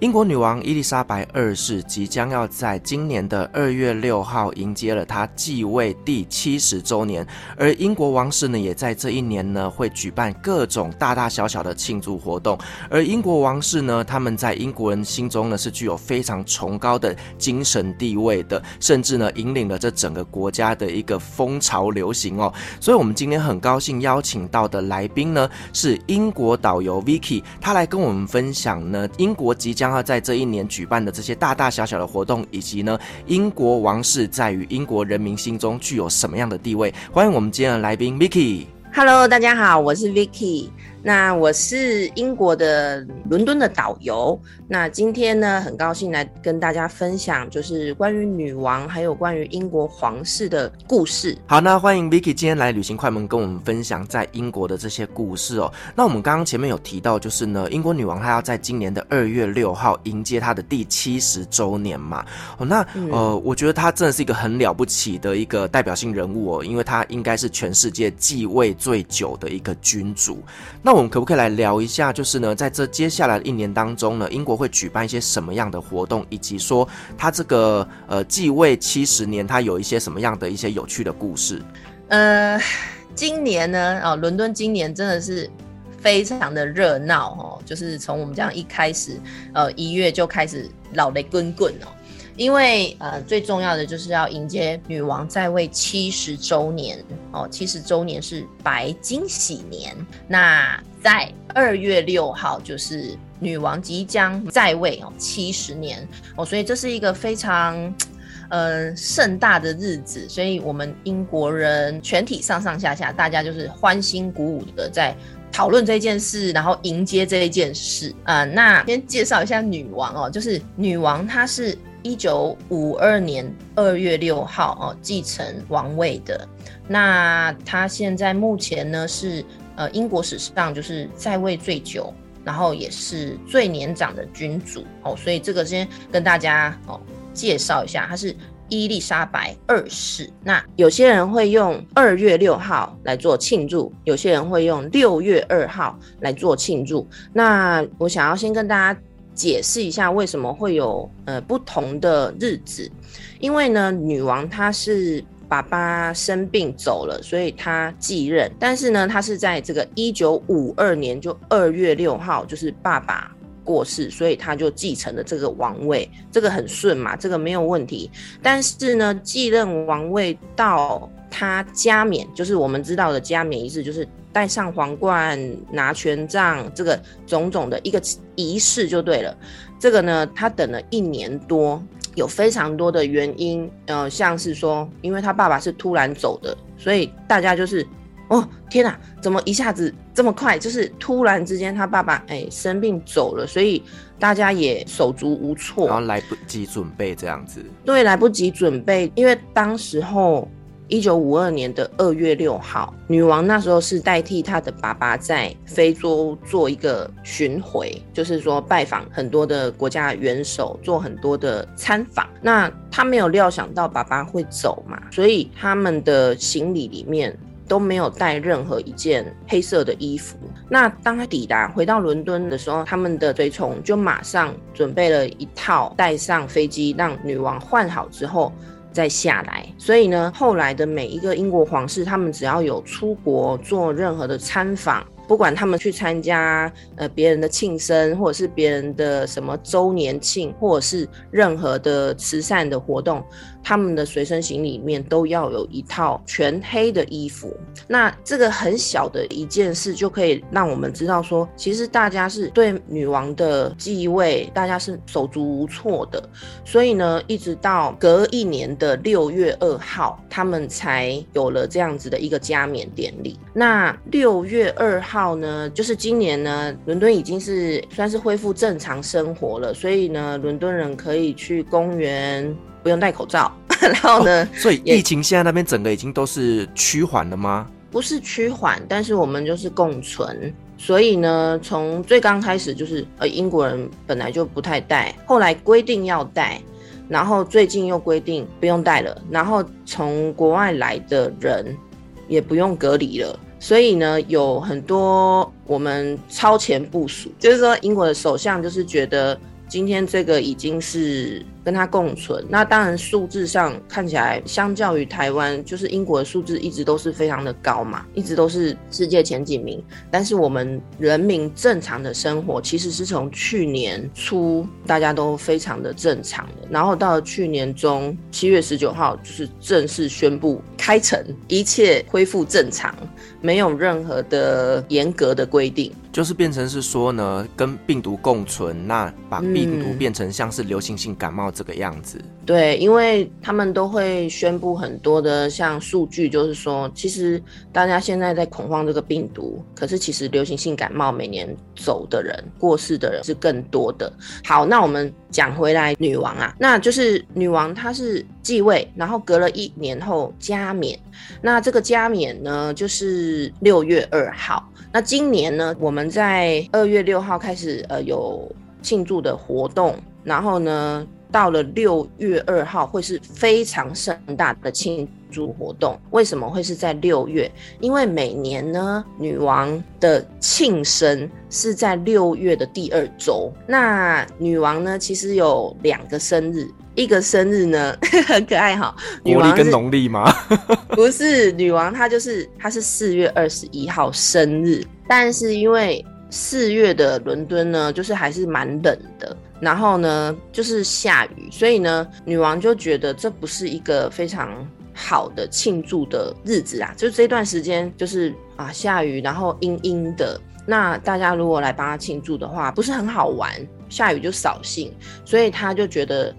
英國女王伊麗莎白二世即將要在今年的二月六號迎接了她繼位第七十週年，而英國王室呢，也在這一年呢會舉辦各種大大小小的慶祝活動。而英國王室呢，他們在英國人心中呢是具有非常崇高的精神地位的，甚至呢引領了這整個國家的一個風潮流行哦。所以，我們今天很高興邀請到的來賓呢是英國導遊 Vicky，她來跟我們分享呢英國即將。在這一年舉辦的這些大大小小的活動，以及呢英國王室在於英國人民心中具有什麼樣的地位？歡迎我們今天的來賓 Vicky。Vicky、Hello，大家好，我是 Vicky。那我是英國的倫敦的導遊。那今天呢，很高興來跟大家分享，就是關於女王還有關於英國皇室的故事。好，那歡迎 Vicky 今天來旅行快門跟我們分享在英國的這些故事哦。那我們剛剛前面有提到，就是呢，英國女王她要在今年的二月六號迎接她的第七十週年嘛。哦，那、嗯、呃，我覺得她真的是一個很了不起的一個代表性人物哦，因為她應該是全世界繼位最久的一個君主。那我們可不可以來聊一下？就是呢，在這接下來的一年當中呢，英國會舉辦一些什麼樣的活動，以及說他這個呃繼位七十年，他有一些什麼樣的一些有趣的故事？呃，今年呢，啊、哦，倫敦今年真的是非常的熱鬧哦，就是從我們這樣一開始，呃，一月就開始老雷滾滾哦。因為呃，最重要的就是要迎接女王在位七十週年哦，七十週年是白金禧年。那在二月六號，就是女王即將在位哦七十年哦，所以這是一個非常嗯、呃、盛大的日子，所以我們英國人全體上上下下，大家就是歡欣鼓舞的在討論這件事，然後迎接這件事啊、呃。那先介紹一下女王哦，就是女王她是。一九五二年二月六號哦，繼承王位的。那他現在目前呢是呃，英國史上就是在位最久，然後也是最年長的君主哦。所以這個先跟大家哦介紹一下，他是伊麗莎白二世。那有些人會用二月六號來做慶祝，有些人會用六月二號來做慶祝。那我想要先跟大家。解釋一下為什麼會有呃不同的日子。因為呢，女王她是爸爸生病走了，所以她繼任。但是呢，她是在這個一九五二年就二月六號，就是爸爸過世，所以她就繼承了這個王位，這個很順嘛，這個沒有問題。但是呢，繼任王位到她加冕，就是我們知道的加冕儀式，就是。戴上皇冠、拿權杖，這個種種的一個儀式就對了。這個呢，他等了一年多，有非常多的原因。呃，像是說，因為他爸爸是突然走的，所以大家就是，哦，天哪，怎麼一下子這麼快？就是突然之間他爸爸，哎，生病走了，所以大家也手足無措，然後來不及準備這樣子。對，來不及準備，因為當時候。一九五二年的二月六號，女王那時候是代替她的爸爸在非洲做一個巡迴，就是說拜訪很多的國家元首，做很多的參訪。那她沒有料想到爸爸會走嘛，所以他們的行李裡面都沒有帶任何一件黑色的衣服。那當她抵達回到倫敦的時候，他們的隨從就馬上準備了一套帶上飛機，讓女王換好之後。再下來，所以呢，後來的每一個英國皇室，他們只要有出國做任何的參訪，不管他們去參加呃別人的慶生，或者是別人的什麼週年慶，或者是任何的慈善的活動，他們的隨身行李裡面都要有一套全黑的衣服。那這個很小的一件事，就可以讓我們知道說，其實大家是對女王的繼位，大家是手足無措的。所以呢，一直到隔一年的六月二號，他們才有了這樣子的一個加冕典禮。那六月二號呢，就是今年呢，倫敦已經是算是恢復正常生活了，所以呢，倫敦人可以去公園。不用戴口罩， 然後呢，哦，所以疫情現在那邊整個已經都是趨緩了嗎？不是趨緩，但是我們就是共存。所以呢，從最剛開始就是呃，英國人本來就不太戴，後來規定要戴，然後最近又規定不用戴了，然後從國外來的人也不用隔離了。所以呢，有很多我們超前部署，就是說英國的首相就是覺得今天這個已經是。跟它共存，那當然數字上看起來，相較於台灣，就是英國的數字一直都是非常的高嘛，一直都是世界前幾名。但是我們人民正常的生活，其實是從去年初大家都非常的正常的，然後到去年中七月十九號，就是正式宣布開城，一切恢復正常。沒有任何的嚴格的規定，就是變成是說呢，跟病毒共存，那把病毒變成像是流行性感冒這個樣子。嗯、對，因為他們都會宣布很多的像數據，就是說，其實大家現在在恐慌這個病毒，可是其實流行性感冒每年走的人、過世的人是更多的。好，那我們講回來，女王啊，那就是女王她是繼位，然後隔了一年後加冕，那這個加冕呢，就是。是六月二號。那今年呢，我們在二月六號開始呃有慶祝的活動，然後呢，到了六月二號會是非常盛大的慶祝活動。為什麼會是在六月？因為每年呢，女王的慶生是在六月的第二週。那女王呢，其實有兩個生日。一個生日呢，很可愛哈、喔。國曆跟農曆嗎？ 不是，女王她就是她是四月二十一號生日，但是因為四月的倫敦呢，就是還是蠻冷的，然後呢就是下雨，所以呢女王就覺得這不是一個非常好的慶祝的日子啊。就這段時間就是啊下雨，然後陰陰的，那大家如果來幫她慶祝的話，不是很好玩，下雨就掃興，所以她就覺得。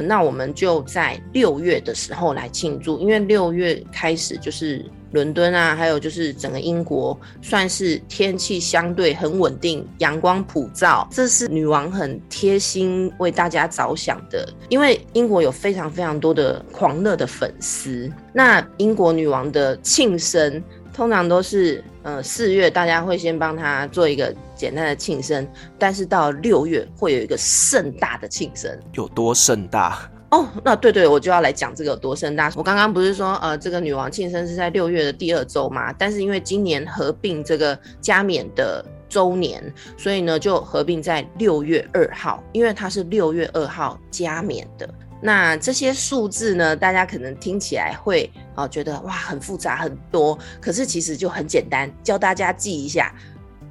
那我們就在六月的時候來慶祝，因為六月開始就是倫敦啊，還有就是整個英國算是天氣相對很穩定，陽光普照。這是女王很貼心為大家着想的，因為英國有非常非常多的狂熱的粉絲。那英國女王的慶生通常都是，呃，四月大家會先幫她做一個。簡單的慶生，但是到六月會有一個盛大的慶生，有多盛大？哦，那對對，我就要來講這個有多盛大。我剛剛不是說，呃，這個女王慶生是在六月的第二週嘛？但是因為今年合併這個加冕的週年，所以呢就合併在六月二號，因為她是六月二號加冕的。那這些數字呢，大家可能聽起來會啊、呃、覺得哇很複雜很多，可是其實就很簡單，教大家記一下。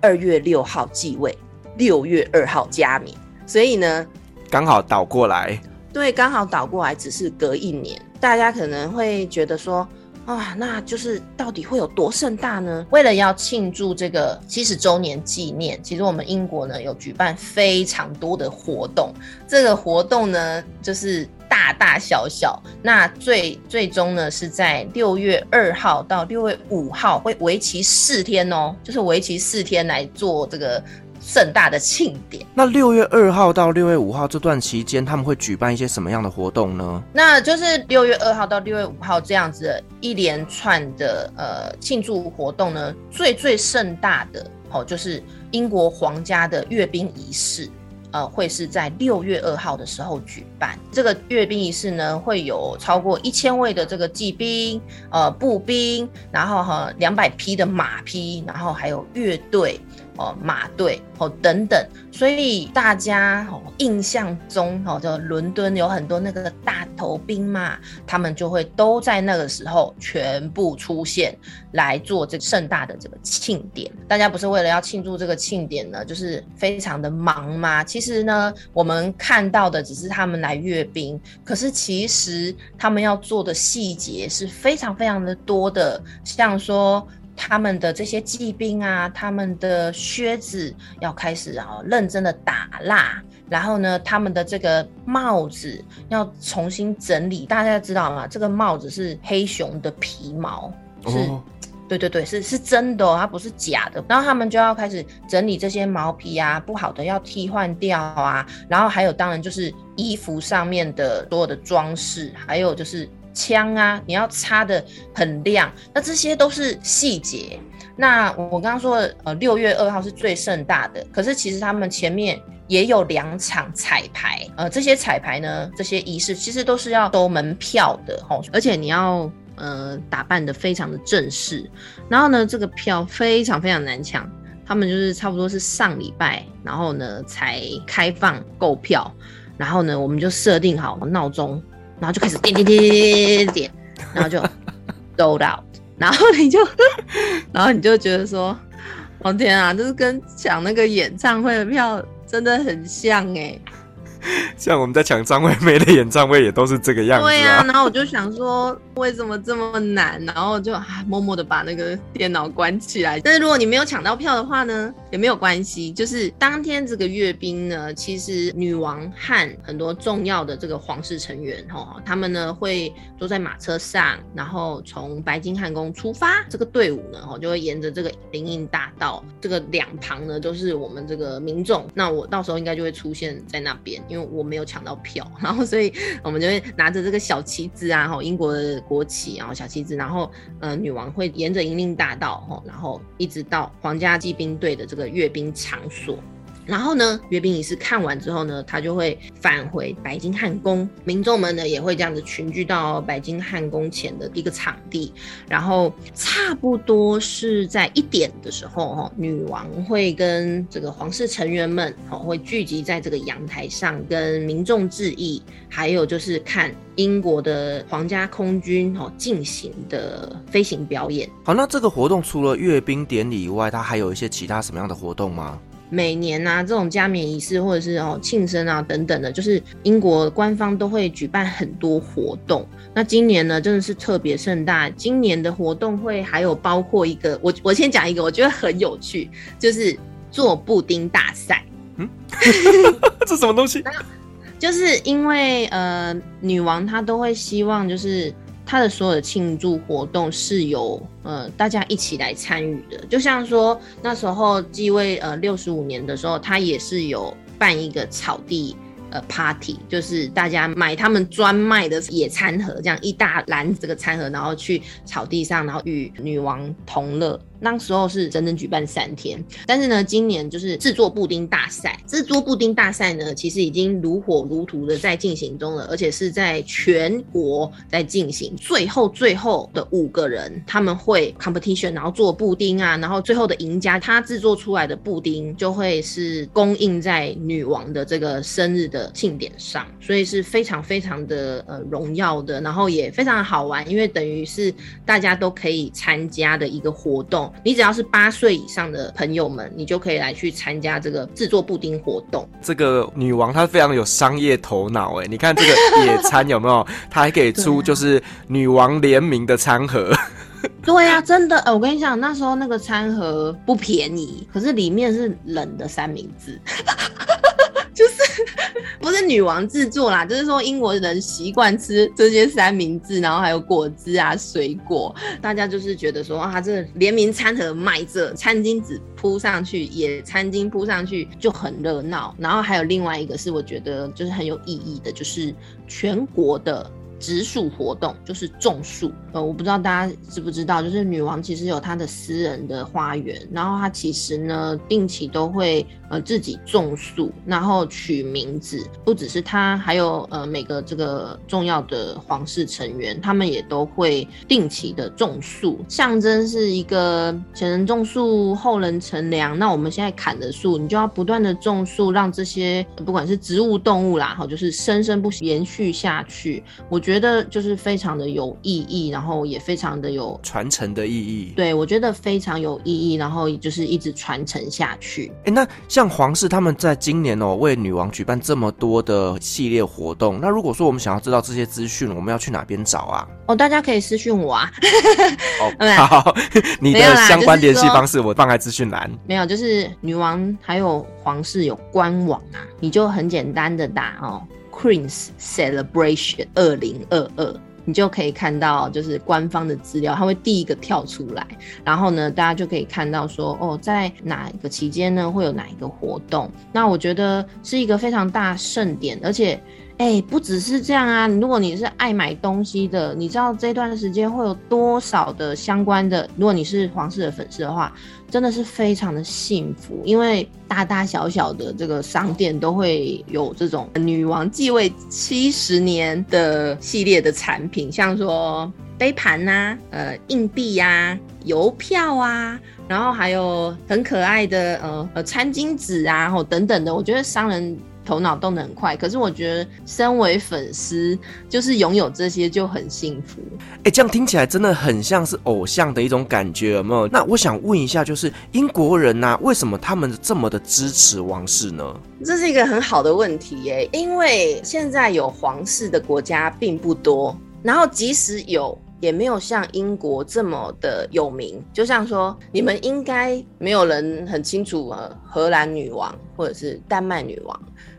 二月六號繼位，六月二號加冕，所以呢，剛好倒過來。對，剛好倒過來，只是隔一年，大家可能會覺得說。啊、哦，那就是到底會有多盛大呢？為了要慶祝這個七十周年紀念，其實我們英國呢有舉辦非常多的活動。這個活動呢就是大大小小，那最最終呢是在六月二號到六月五號會為期四天哦，就是為期四天來做這個。盛大的慶典。那六月二號到六月五號這段期間，他們會舉辦一些什麼樣的活動呢？那就是六月二號到六月五號這樣子的一連串的呃慶祝活動呢。最最盛大的哦，就是英國皇家的閱兵儀式，呃，會是在六月二號的時候舉辦。這個閱兵儀式呢，會有超過一千位的這個騎兵、呃步兵，然後吼兩百匹的馬匹，然後還有樂隊。哦，馬隊哦等等，所以大家，哦，印象中哦，就倫敦有很多那個大頭兵嘛，他們就會都在那個時候全部出現來做這盛大的這個慶典。大家不是為了要慶祝這個慶典呢，就是非常的忙嘛。其實呢，我們看到的只是他們來閱兵，可是其實他們要做的細節是非常非常的多的，像說。他們的這些騎兵啊，他們的靴子要開始啊、哦、認真的打蠟，然後呢，他們的這個帽子要重新整理。大家知道嗎？這個帽子是黑熊的皮毛，是，哦、對對對，是是真的、哦，它不是假的。然後他們就要開始整理這些毛皮啊，不好的要替換掉啊。然後還有，當然就是衣服上面的所有的裝飾，還有就是。槍啊，你要擦得很亮，那這些都是細節。那我剛剛說的，呃，六月二號是最盛大的，可是其實他們前面也有兩場彩排，呃，這些彩排呢，這些儀式其實都是要收門票的吼，而且你要呃打扮得非常的正式，然後呢，這個票非常非常難搶，他們就是差不多是上禮拜，然後呢才開放購票，然後呢，我們就設定好鬧鐘。然後就開始點點點點，然後就 sold out，然後你就，然後你就覺得說，我天啊，這是跟搶那個演唱會的票真的很像哎、欸。像我們在搶張惠妹的演唱會也都是這個樣子，啊，對呀、啊。然後我就想說為什麼這麼難，然後就默默的把那個電腦關起來。但是如果你沒有搶到票的話呢，也沒有關係。就是當天這個閱兵呢，其實女王和很多重要的這個皇室成員哈，他們呢會坐在馬車上，然後從白金漢宮出發。這個隊伍呢，哈就會沿着這個林蔭大道，這個兩旁呢都、就是我們這個民眾。那我到時候應該就會出現在那邊。因為我沒有搶到票，然後所以我們就會拿着這個小旗子啊，哈，英國的國旗啊，小旗子，然後呃，女王會沿着林蔭大道哈，然後一直到皇家騎兵隊的這個閱兵場所。然後呢，閱兵儀式看完之後呢，他就會返回白金漢宮。民眾們呢也會這樣子群聚到白金漢宮前的一個場地。然後差不多是在一點的時候，哈，女王會跟這個皇室成員們，哦，會聚集在這個陽台上跟民眾致意，還有就是看英國的皇家空軍，哦，進行的飛行表演。好，那這個活動除了閱兵典禮以外，它還有一些其他什麼樣的活動嗎？每年吶、啊，這種加冕儀式或者是哦慶生啊等等的，就是英國官方都會舉辦很多活動。那今年呢，真的是特別盛大。今年的活動會還有包括一個，我我先講一個，我覺得很有趣，就是做布丁大賽。嗯， 這什麼東西？就是因為呃，女王她都會希望就是。他的所有的慶祝活動是由呃大家一起來參與的，就像說那時候繼位呃六十五年的時候，他也是有辦一個草地呃 party，就是大家買他們專賣的野餐盒，這樣一大籃這個餐盒，然後去草地上，然後與女王同樂。當時候是整整舉辦三天，但是呢，今年就是制作布丁大賽。制作布丁大賽呢，其實已經如火如荼的在進行中了，而且是在全國在進行。最後最後的五個人他們會 competition，然後做布丁啊，然後最後的贏家他制作出來的布丁就會是供應在女王的這個生日的慶典上，所以是非常非常的呃榮耀的，然後也非常好玩，因為等於是大家都可以參加的一個活動。你只要是八歲以上的朋友們，你就可以來去參加這個製作布丁活動。這個女王她非常有商業頭腦，哎，你看這個野餐有沒有？ 她還可以出就是女王聯名的餐盒。對呀。啊 啊，真的，我跟你講，那時候那個餐盒不便宜，可是裡面是冷的三明治。 就是不是女王製作啦，就是說英國人習慣吃這些三明治，然後還有果汁啊、水果，大家就是覺得說啊，這聯名餐盒賣這餐巾紙鋪上去，也餐巾鋪上去就很熱鬧。然後還有另外一個是，我覺得就是很有意義的，就是全國的。植樹活動，就是種樹，呃，我不知道大家知不知道，就是女王其實有她的私人的花園，然後她其實呢定期都會呃自己種樹，然後取名字。不只是她，還有呃每個這個重要的皇室成員，他們也都會定期的種樹，象徵是一個前人種樹，後人乘涼。那我們現在砍的樹，你就要不斷的種樹，讓這些不管是植物、動物啦，好，就是生生不息延續下去。我覺得。我覺得就是非常的有意義，然後也非常的有傳承的意義。對，我覺得非常有意義，然後就是一直傳承下去。哎，那像皇室他們在今年哦，為女王舉辦這麼多的系列活動，那如果說我們想要知道這些資訊，我們要去哪邊找啊？哦，大家可以私訊我啊。 哦、好好， 你的相關聯繫方式我放在資訊欄。沒有，就是女王還有皇室有官網啊，你就很簡單的打哦。Queen's Celebration 2022，你就可以看到，就是官方的資料，它會第一個跳出來，然後呢，大家就可以看到說，哦，在哪一個期間呢，會有哪一個活動。那我覺得是一個非常大盛典，而且。哎，不只是這樣啊！如果你是愛買東西的，你知道這段時間會有多少的相關的，如果你是皇室的粉絲的話，真的是非常的幸福，因為大大小小的這個商店都會有這種女王繼位七十年的系列的產品，像說杯盤吶、啊、呃硬幣呀、啊、郵票啊，然後還有很可愛的呃呃餐巾紙啊、哦等等的，我覺得商人。頭腦動得很快，可是我覺得身為粉絲，就是擁有這些就很幸福。哎、欸，這樣聽起來真的很像是偶像的一種感覺，有沒有？那我想問一下，就是英國人吶、啊，為什麼他們這麼的支持王室呢？這是一個很好的問題耶、欸，因為現在有皇室的國家並不多，然後即使有，也沒有像英國這麼的有名。就像說，你們應該沒有人很清楚了，荷蘭女王或者是丹麥女王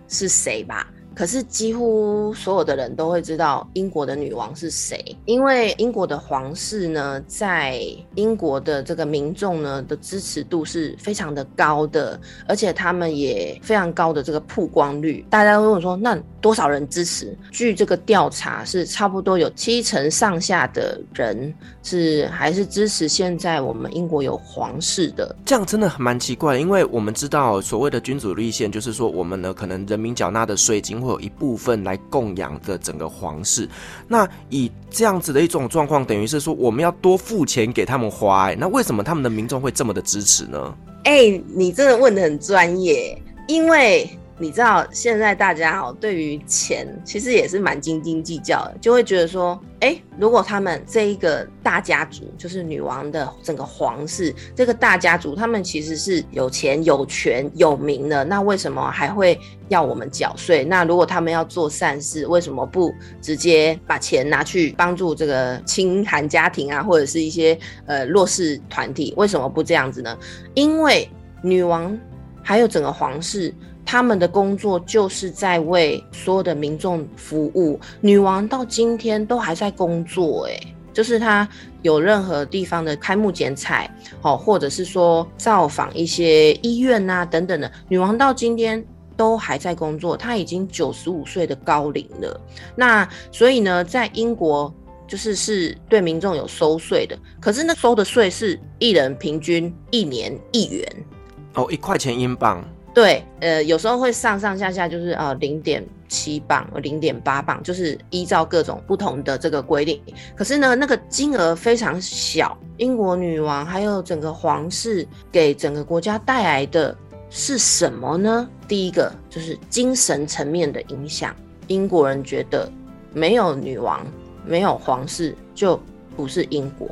是誰吧？可是幾乎所有的人都會知道英國的女王是誰，因為英國的皇室呢，在英國的這個民眾呢的支持度是非常的高的，而且他們也非常高的這個曝光率。大家都問我說，那多少人支持？據這個調查是差不多有七成上下的人是還是支持現在我們英國有皇室的，這樣真的很蠻奇怪，因為我們知道所謂的君主立憲就是說我們呢可能人民繳納的稅金。會有一部分來供養的整個皇室，那以這樣子的一種狀況，等於是說我們要多付錢給他們花，欸，那為什麼他們的民眾會這麼的支持呢？哎、欸，你真的問得很專業，因為。你知道現在大家哦，對於錢其實也是蠻斤斤計較的，就會覺得說，哎，如果他們這一個大家族，就是女王的整個皇室這個大家族，他們其實是有錢、有權、有名的。那為什麼還會要我們繳稅？那如果他們要做善事，為什麼不直接把錢拿去幫助這個清寒家庭啊，或者是一些呃弱勢團體？為什麼不這樣子呢？因為女王還有整個皇室。他們的工作就是在為所有的民眾服務。女王到今天都還在工作，欸，哎，就是她有任何地方的開幕剪彩，哦，或者是說造訪一些醫院啊等等的，女王到今天都還在工作。她已經九十五歲的高齡了，那所以呢，在英國就是是對民眾有收稅的，可是那收的稅是一人平均一年一元，哦，一塊錢英鎊。對，呃，有時候會上上下下就是啊，零點七磅、零點八磅，就是依照各種不同的這個規定。可是呢，那個金額非常小。英國女王還有整個皇室給整個國家帶來的是什麼呢？第一個就是精神層面的影響。英國人覺得沒有女王、沒有皇室就不是英國。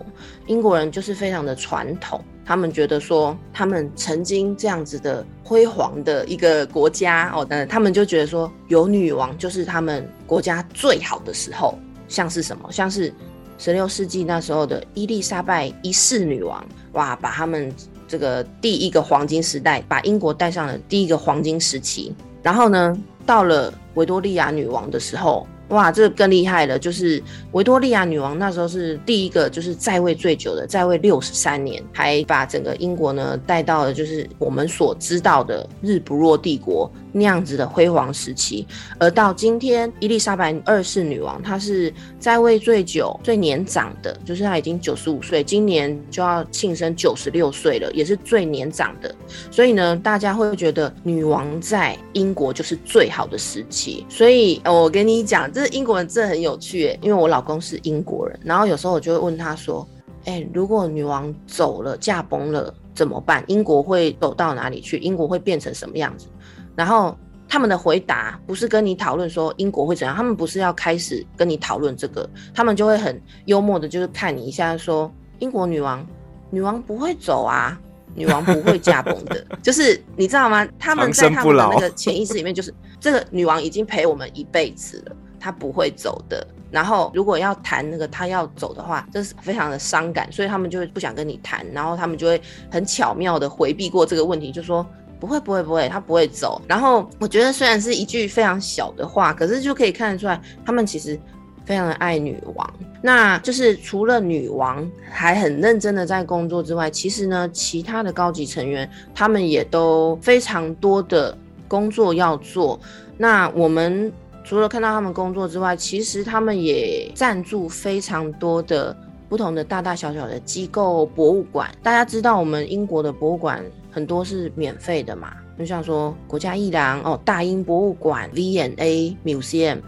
英國人就是非常的傳統。他們覺得說，他們曾經這樣子的輝煌的一個國家哦，但他們就覺得說，有女王就是他們國家最好的時候，像是什麼？像是十六世紀那時候的伊麗莎白一世女王，哇，把他們這個第一個黃金時代，把英國帶上了第一個黃金時期。然後呢，到了維多利亞女王的時候。哇，這個更厲害了！就是維多利亞女王那時候是第一個，就是在位最久的，在位六十三年，還把整個英國呢帶到了就是我們所知道的日不落帝國。那樣子的輝煌時期，而到今天，伊麗莎白二世女王，她是在位最久、最年長的，就是她已經九十五歲，今年就要慶生九十六歲了，也是最年長的。所以呢，大家會覺得女王在英國就是最好的時期。所以我跟你講，這英國人真的很有趣欸，因為我老公是英國人，然後有時候我就會問他說：“誒、欸，如果女王走了、駕崩了怎麼辦？英國會走到哪裡去？英國會變成什麼樣子？”然後他們的回答不是跟你討論說英國會怎樣，他們不是要開始跟你討論這個，他們就會很幽默的，就是看你一下說英國女王，女王不會走啊，女王不會駕崩的， 就是你知道嗎？他們在他們的那個潛意識裡面，就是這個女王已經陪我們一輩子了，她不會走的。然後如果要談那個她要走的話，這是非常的傷感，所以他們就會不想跟你談，然後他們就會很巧妙的回避過這個問題，就說。不會，不會，不會，他不會走。然後我覺得，雖然是一句非常小的話，可是就可以看得出來，他們其實非常的愛女王。那就是除了女王還很認真的在工作之外，其實呢，其他的高級成員他們也都非常多的工作要做。那我們除了看到他們工作之外，其實他們也贊助非常多的不同的大大小小的機構、博物館。大家知道，我們英國的博物館。很多是免費的嘛，就像說國家藝廊哦，大英博物館 V&A Museum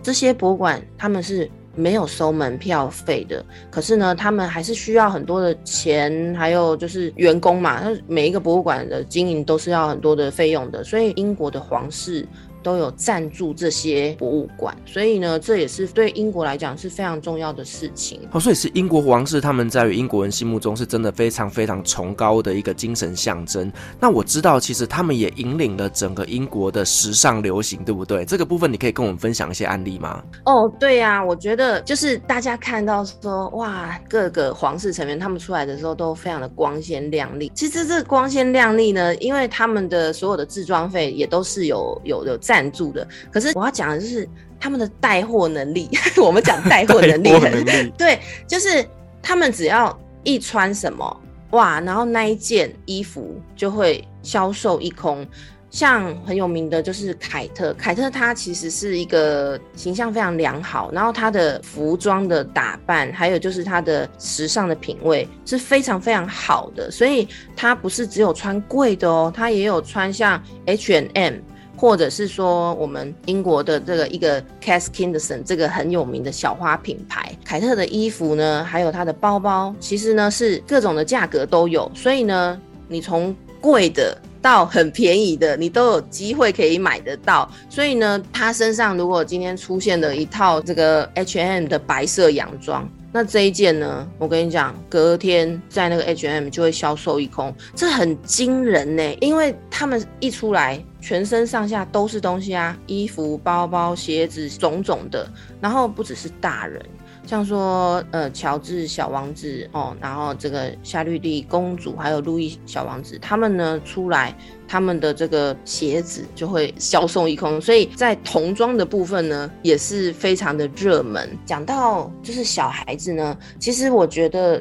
這些博物館，他們是沒有收門票費的。可是呢，他們還是需要很多的錢，還有就是員工嘛。那每一個博物館的經營都是要很多的費用的，所以英國的皇室。都有贊助這些博物館，所以呢，這也是對英國來講是非常重要的事情。好、哦，所以是英國皇室，他們在於英國人心目中是真的非常非常崇高的一個精神象徵。那我知道，其實他們也引領了整個英國的時尚流行，對不對？這個部分你可以跟我們分享一些案例嗎？哦，對呀、啊，我覺得就是大家看到說，哇，各個皇室成員他們出來的時候都非常的光鮮亮麗。其實這光鮮亮麗呢，因為他們的所有的治裝費也都是有有的。有贊助的，可是我要講的就是他們的帶貨能力。我們講帶貨能力， 對，就是他們只要一穿什麼，哇，然後那一件衣服就會銷售一空。像很有名的就是凱特，凱特她其實是一個形象非常良好，然後她的服裝的打扮，還有就是她的時尚的品味是非常非常好的，所以她不是只有穿貴的哦，她也有穿像 H and M。或者是說，我們英國的這個一個 Cath Kidston 這個很有名的小花品牌，凱特的衣服呢，還有它的包包，其實呢是各種的價格都有，所以呢，你從貴的到很便宜的，你都有機會可以買得到。所以呢，她身上如果今天出現了一套這個 H&M 的白色洋裝，那這一件呢，我跟你講，隔天在那個 H&M 就會銷售一空，這很驚人呢、欸，因為他們一出來。全身上下都是東西啊，衣服、包包、鞋子、種種的。然後不只是大人，像說呃喬治小王子哦，然後這個夏綠蒂公主，還有路易小王子，他們呢出來，他們的這個鞋子就會銷售一空。所以在童裝的部分呢，也是非常的熱門。講到就是小孩子呢，其實我覺得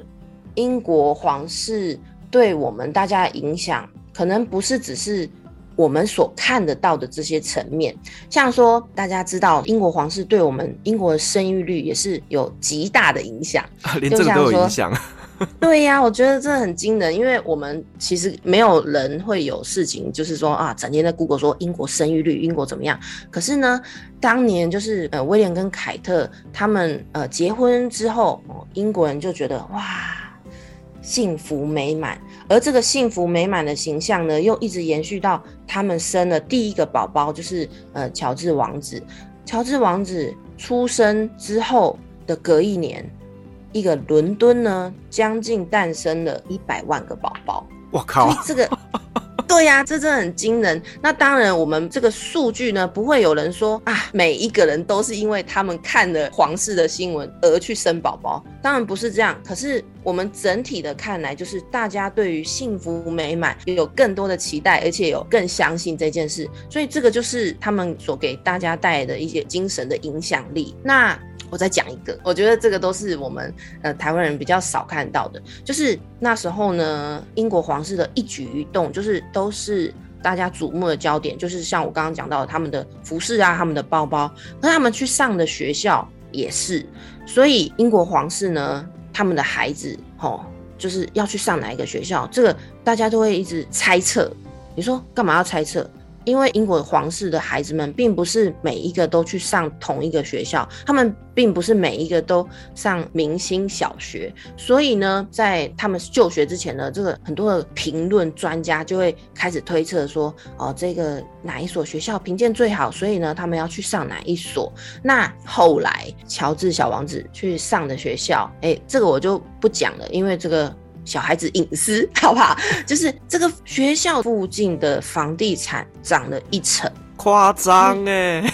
英國皇室對我們大家的影響，可能不是只是。我們所看得到的這些層面，像說大家知道英國皇室對我們英國的生育率也是有極大的影響。啊，連這個都有影響。就像說，對呀，啊，我覺得這真的很驚人， 因為我們其實沒有人會有事情，就是說啊，整天在 Google 說英國生育率，英國怎麼樣。可是呢，當年就是呃威廉跟凱特他們呃結婚之後，呃，英國人就覺得哇，幸福美滿。而這個幸福美滿的形象呢，又一直延續到他們生了第一個寶寶，就是呃喬治王子。喬治王子出生之後的隔一年，一個倫敦呢將近誕生了一百萬個寶寶。我哇靠！所以這個。 對呀、啊，這真的很驚人。那當然，我們這個數據呢，不會有人說啊，每一個人都是因為他們看了皇室的新聞而去生寶寶。當然不是這樣。可是我們整體的看來，就是大家對於幸福美滿有更多的期待，而且有更相信這件事。所以這個就是他們所給大家帶來的一些精神的影響力。那。我再講一個，我覺得這個都是我們呃台灣人比較少看到的，就是那時候呢，英國皇室的一舉一動，就是都是大家矚目的焦點，就是像我剛剛講到他們的服飾啊，他們的包包，跟他們去上的學校也是，所以英國皇室呢，他們的孩子吼，就是要去上哪一個學校，這個大家都會一直猜測。你說幹嘛要猜測？因為英國皇室的孩子們並不是每一個都去上同一個學校，他們並不是每一個都上明星小學，所以呢，在他們就學之前呢，這個很多的評論專家就會開始推測說，哦，這個哪一所學校評鑑最好，所以呢，他們要去上哪一所。那後來喬治小王子去上的學校，哎，這個我就不講了，因為這個。小孩子隱私，好不好？ 就是這個學校附近的房地產漲了一成，誇張哎！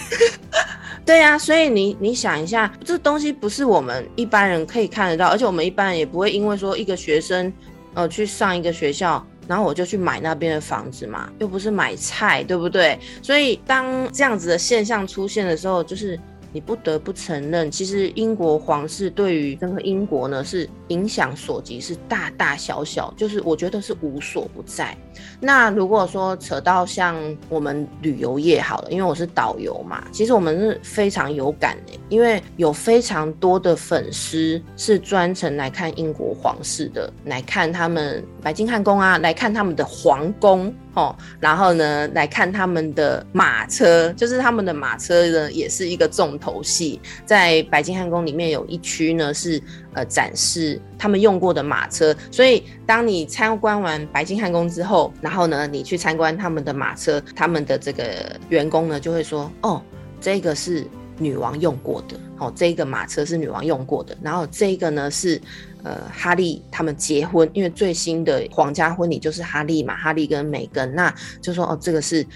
對呀、啊，所以你你想一下，這東西不是我們一般人可以看得到，而且我們一般人也不會因為說一個學生，呃，去上一個學校，然後我就去買那邊的房子嘛，又不是買菜，對不對？所以當這樣子的現象出現的時候，就是。你不得不承認，其實英國皇室對於整個英國呢是影響所及，是大大小小，就是我覺得是無所不在。那如果說扯到像我們旅遊業好了，因為我是導遊嘛，其實我們是非常有感的、欸，因為有非常多的粉絲是專程來看英國皇室的，來看他們白金漢宮啊，來看他們的皇宮。哦，然後呢，來看他們的馬車，就是他們的馬車呢，也是一個重頭戲。在白金漢宮裡面有一區呢是呃展示他們用過的馬車，所以當你參觀完白金漢宮之後，然後呢，你去參觀他們的馬車，他們的這個員工呢就會說，哦，這個是女王用過的，哦，這個馬車是女王用過的，然後這個呢是，呃，哈利他們結婚，因為最新的皇家婚禮就是哈利嘛，哈利跟梅根，那就說哦，這個是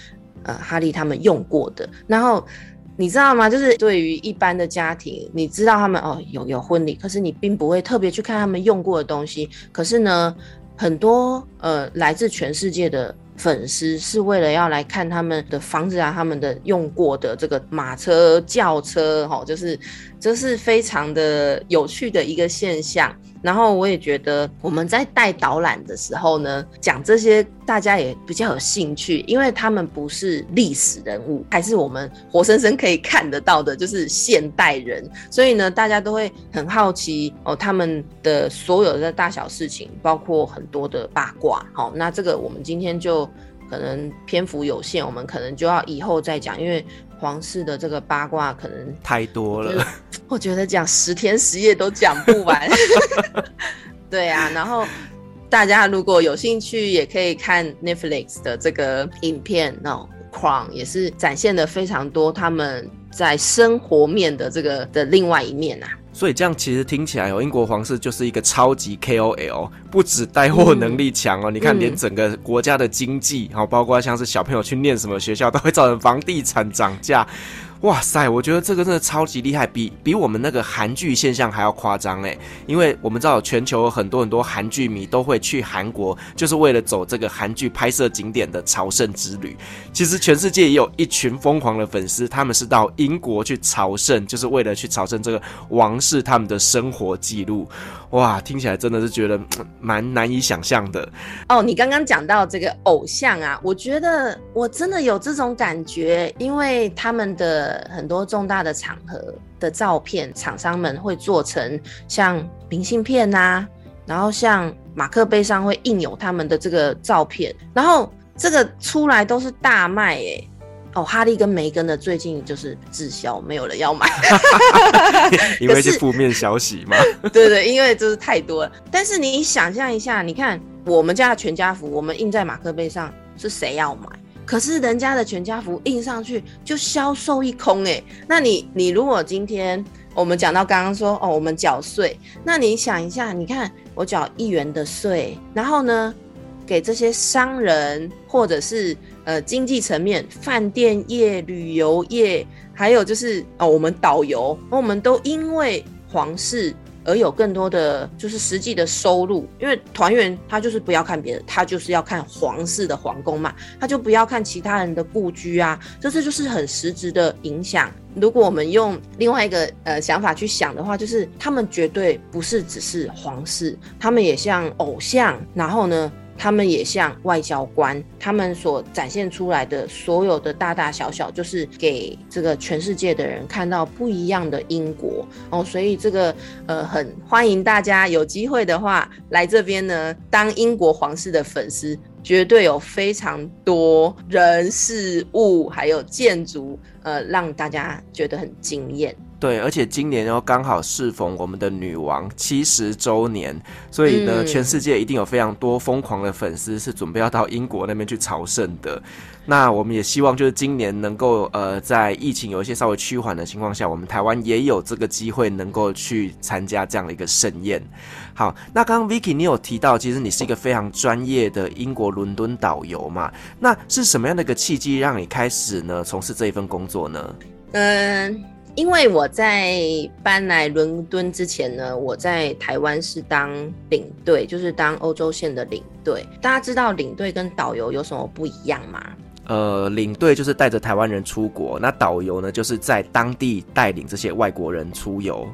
呃哈利他們用過的。然後你知道嗎？就是對於一般的家庭，你知道他們哦有有婚禮，可是你並不會特別去看他們用過的東西。可是呢，很多呃來自全世界的粉絲是為了要來看他們的房子啊，他們的用過的這個馬車、轎車，哈、哦，就是。這是非常的有趣的一個現象，然後我也覺得我們在帶導覽的時候呢，講這些大家也比較有興趣，因為他們不是歷史人物，還是我們活生生可以看得到的，就是現代人，所以呢，大家都會很好奇哦，他們的所有的大小事情，包括很多的八卦，好，哦，那這個我們今天就。可能篇幅有限，我們可能就要以後再講，因為皇室的這個八卦可能太多了，我，我覺得講十天十夜都講不完。 對啊，然後大家如果有興趣，也可以看 Netflix 的這個影片，那種 The Crown 也是展現的非常多他們在生活面的這個的另外一面啊。所以這樣其實聽起來哦、喔，英國皇室就是一個超級 KOL，不止帶貨能力強哦、喔，嗯、你看連整個國家的經濟，好、嗯、包括像是小朋友去念什麼學校，都會造成房地產漲價。哇塞，我覺得這個真的超級厲害，比比我們那個韓劇現象還要誇張耶！因為我們知道全球有很多很多韓劇迷都會去韓國，就是為了走這個韓劇拍攝景點的朝聖之旅。其實全世界也有一群瘋狂的粉絲，他們是到英國去朝聖，就是為了去朝聖這個王室他們的生活記錄。哇，聽起來真的是覺得蠻難以想象的。哦，你剛剛講到這個偶像啊，我覺得我真的有這種感覺，因為他們的。呃，很多重大的場合的照片，廠商們會做成像明信片吶，然後像馬克杯上會印有他們的這個照片，然後這個出來都是大賣欸。哦，哈利跟梅根的最近就是滯銷，沒有人要買。哈哈哈，因為是負面消息嘛，對對，因為就是太多了。 但是你想象一下，你看我們家的全家福，我們印在馬克杯上，是誰要買？可是人家的全家福印上去就銷售一空哎，欸，那你你如果今天我們講到剛剛說哦，我們繳稅，那你想一下，你看我繳一元的稅，然後呢，給這些商人或者是呃經濟層面飯店業、旅遊業，還有就是哦我們導遊，我們都因為皇室而有更多的就是實際的收入，因為團員他就是不要看別人，他就是要看皇室的皇宮嘛，他就不要看其他人的故居啊，這這就是很實質的影響。如果我們用另外一個呃想法去想的話，就是他們絕對不是只是皇室，他們也像偶像，然後呢，他們也像外交官，他們所展現出來的所有的大大小小，就是給這個全世界的人看到不一樣的英國哦。所以這個呃，很歡迎大家有機會的話來這邊呢，當英國皇室的粉絲，絕對有非常多人事物還有建築，呃，讓大家覺得很驚艷。對，而且今年又剛好適逢我們的女王七十週年，所以呢，嗯、全世界一定有非常多瘋狂的粉絲是準備要到英國那邊去朝聖的。那我們也希望，就是今年能夠呃，在疫情有一些稍微趨緩的情況下，我們台灣也有這個機會能夠去參加這樣的一個盛宴。好，那剛剛 Vicky 你有提到，其實你是一個非常專業的英國倫敦導遊嘛？那是什麼樣的一個契機讓你開始呢從事這一份工作呢？嗯。因為我在搬來倫敦之前呢，我在台灣是當領隊，就是當歐洲線的領隊。大家知道領隊跟導遊有什麼不一樣嗎？呃，領隊就是帶着台灣人出國，那導遊呢，就是在當地帶領這些外國人出遊。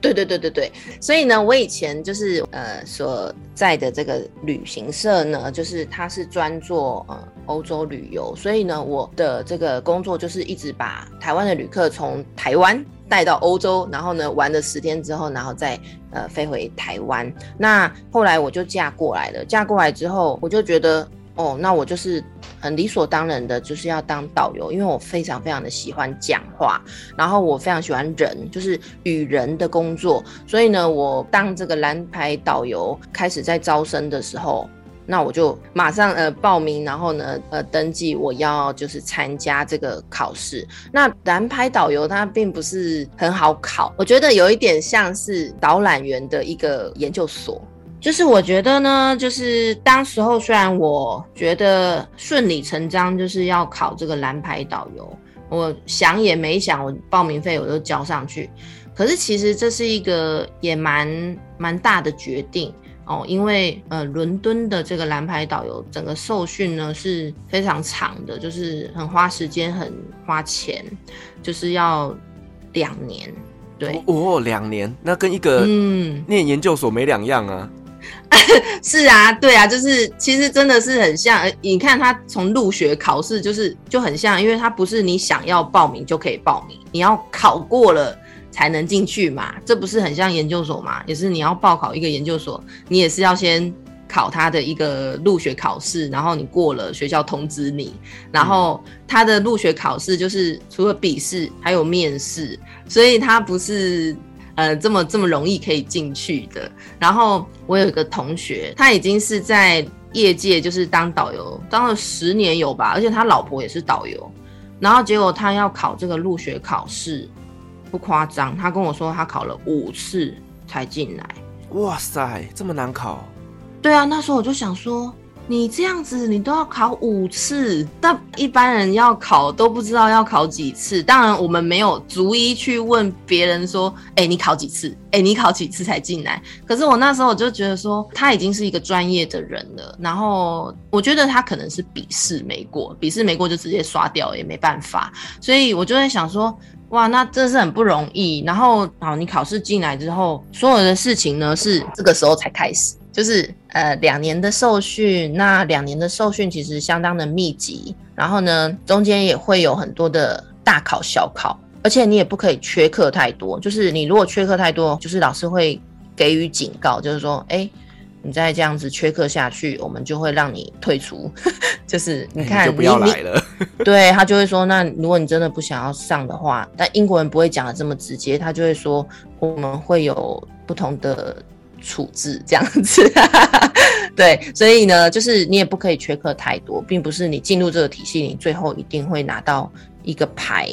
對對對對對，所以呢，我以前就是呃所在的這個旅行社呢，就是他是專做呃歐洲旅遊，所以呢，我的這個工作就是一直把台灣的旅客從台灣帶到歐洲，然後呢玩了十天之後，然後再呃飛回台灣。那後來我就嫁過來了，嫁過來之後，我就覺得。哦，那我就是很理所當然的，就是要當導遊，因為我非常非常的喜歡講話，然後我非常喜歡人，就是與人的工作，所以呢，我當這個藍牌導遊開始在招生的時候，那我就馬上呃報名，然後呢呃登記我要就是參加這個考試。那藍牌導遊它並不是很好考，我覺得有一點像是導覽員的一個研究所。就是我覺得呢，就是當時候雖然我覺得順理成章就是要考這個藍牌導遊，我想也沒想，我報名費我就交上去。可是其實這是一個也蠻蠻大的決定哦，因為呃，倫敦的這個藍牌導遊整個受訓呢是非常長的，就是很花時間、很花錢，就是要兩年。對哦，哦，兩年，那跟一個嗯念研究所沒兩樣啊。嗯 是啊，對啊，就是其實真的是很像，呃，你看他從入學考試就是就很像，因為他不是你想要報名就可以報名，你要考過了才能進去嘛。這不是很像研究所嘛？也是你要報考一個研究所，你也是要先考他的一個入學考試，然後你過了，學校通知你。然後他的入學考試就是除了筆試還有面試，所以他不是。呃，這麼這麼容易可以進去的。然後我有一個同學，他已經是在業界，就是當導遊當了十年有吧，而且他老婆也是導遊。然後結果他要考這個入學考試，不誇張，他跟我說他考了五次才進來。哇塞，這麼難考？對啊，那時候我就想說。你這樣子，你都要考五次，但一般人要考都不知道要考幾次。當然，我們沒有逐一去問別人說：“哎、欸，你考幾次？哎、欸，你考幾次才進來？”可是我那時候就覺得說，他已經是一個專業的人了。然後我覺得他可能是筆試沒過，筆試沒過就直接刷掉了，也沒辦法。所以我就在想說，哇，那這是很不容易。然後，好，你考試進來之後，所有的事情呢，是這個時候才開始。就是呃，兩年的受訓，那兩年的受訓其實相當的密集，然後呢，中間也會有很多的大考小考，而且你也不可以缺課太多。就是你如果缺課太多，就是老師會給予警告，就是說誒，你再這樣子缺課下去，我們就會讓你退出。呵呵，就是你看你就不要來了，對，他就會說，那如果你真的不想要上的話，但英國人不會講得這麼直接，他就會說我們會有不同的。處置這樣子， 對，所以呢，就是你也不可以缺課太多，並不是你進入這個體系，你最後一定會拿到一個牌。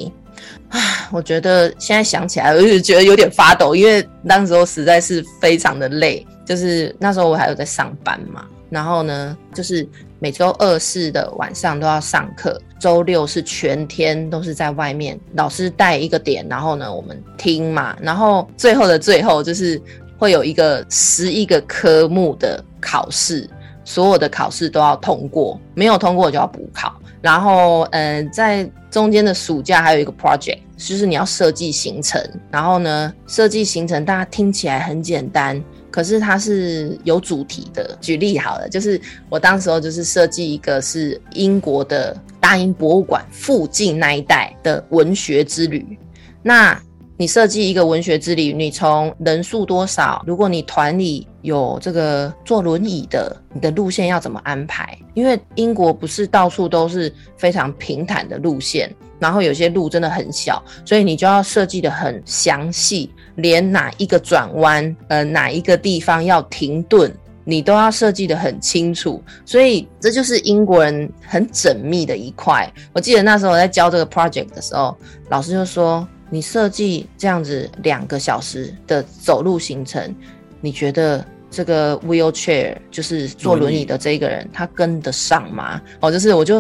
啊。我覺得現在想起來，我就覺得有點發抖，因為那時候實在是非常的累，就是那時候我還有在上班嘛，然後呢，就是每週二四的晚上都要上課，週六是全天都是在外面，老師帶一個點，然後呢，我們聽嘛，然後最後的最後就是。會有一個十一個科目的考試，所有的考試都要通過，沒有通過就要補考。然後，嗯、呃，在中間的暑假還有一個 project，就是你要設計行程。然後呢，設計行程大家聽起來很簡單，可是它是有主題的。舉例好了，就是我當時候就是設計一個是英國的大英博物館附近那一帶的文學之旅。那你設計一個文學之旅，你從人數多少？如果你團裡有這個坐輪椅的，你的路線要怎麼安排？因為英國不是到處都是非常平坦的路線，然後有些路真的很小，所以你就要設計的很詳細，連哪一個轉彎，呃，哪一個地方要停頓，你都要設計的很清楚。所以這就是英國人很縝密的一塊。我記得那時候我在教這個 project 的時候，老師就說，你設計這樣子兩個小時的走路行程，你覺得這個 wheelchair 就是坐輪椅的這個人，你他跟得上嗎？哦，就是我就，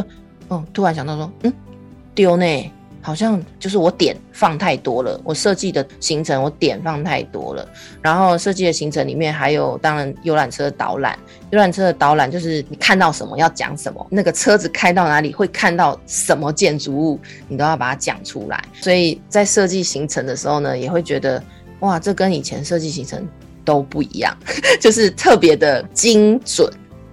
哦，突然想到說，嗯，丟呢。好像就是我點放太多了，我設計的行程我點放太多了。然後設計的行程裡面還有，當然遊覽車的導覽，遊覽車的導覽就是你看到什麼要講什麼，那個車子開到哪裡會看到什麼建築物，你都要把它講出來。所以在設計行程的時候呢，也會覺得哇，這跟以前設計行程都不一樣， 就是特別的精準，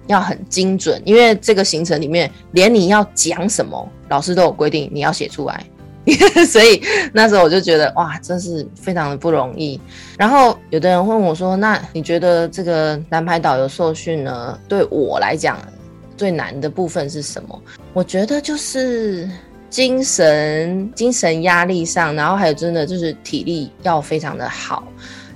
要很精準，因為這個行程裡面連你要講什麼，老師都有規定，你要寫出來。 所以那時候我就覺得哇，真是非常的不容易。然後有的人問我說：“那你覺得這個藍牌導遊受訓呢，對我來講最難的部分是什麼？”我覺得就是精神、精神壓力上，然後還有真的就是體力要非常的好。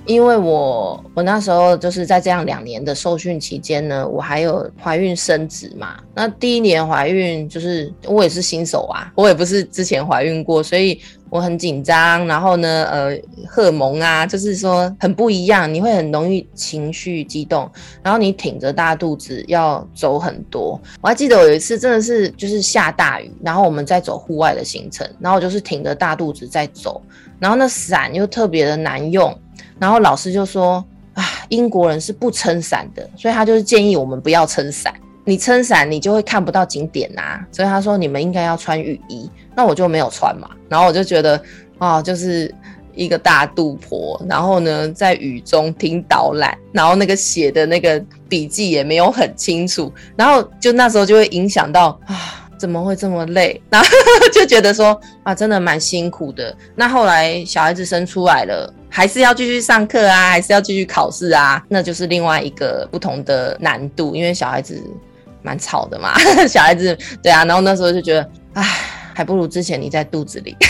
因為我我那時候就是在這樣兩年的受訓期間呢，我還有懷孕生子嘛。那第一年懷孕就是我也是新手啊，我也不是之前懷孕過，所以。我很緊張，然後呢，呃，荷爾蒙啊，就是說很不一樣，你會很容易情緒激動，然後你挺着大肚子要走很多。我還記得有一次真的是就是下大雨，然後我們在走戶外的行程，然後就是挺着大肚子在走，然後那傘又特別的難用，然後老師就說啊，英國人是不撐傘的，所以他就是建議我們不要撐傘。你撐傘，你就會看不到景點吶，啊，所以他說你們應該要穿雨衣，那我就沒有穿嘛，然後我就覺得啊，就是一個大肚婆，然後呢，在雨中聽導覽，然後那個寫的那個筆記也沒有很清楚，然後就那時候就會影響到啊，怎麼會這麼累？然後 就覺得說啊，真的蠻辛苦的。那後來小孩子生出來了，還是要繼續上課啊，還是要繼續考試啊，那就是另外一個不同的難度，因為小孩子。蠻吵的嘛，小孩子，對啊，然後那時候就覺得，唉，還不如之前你在肚子裡。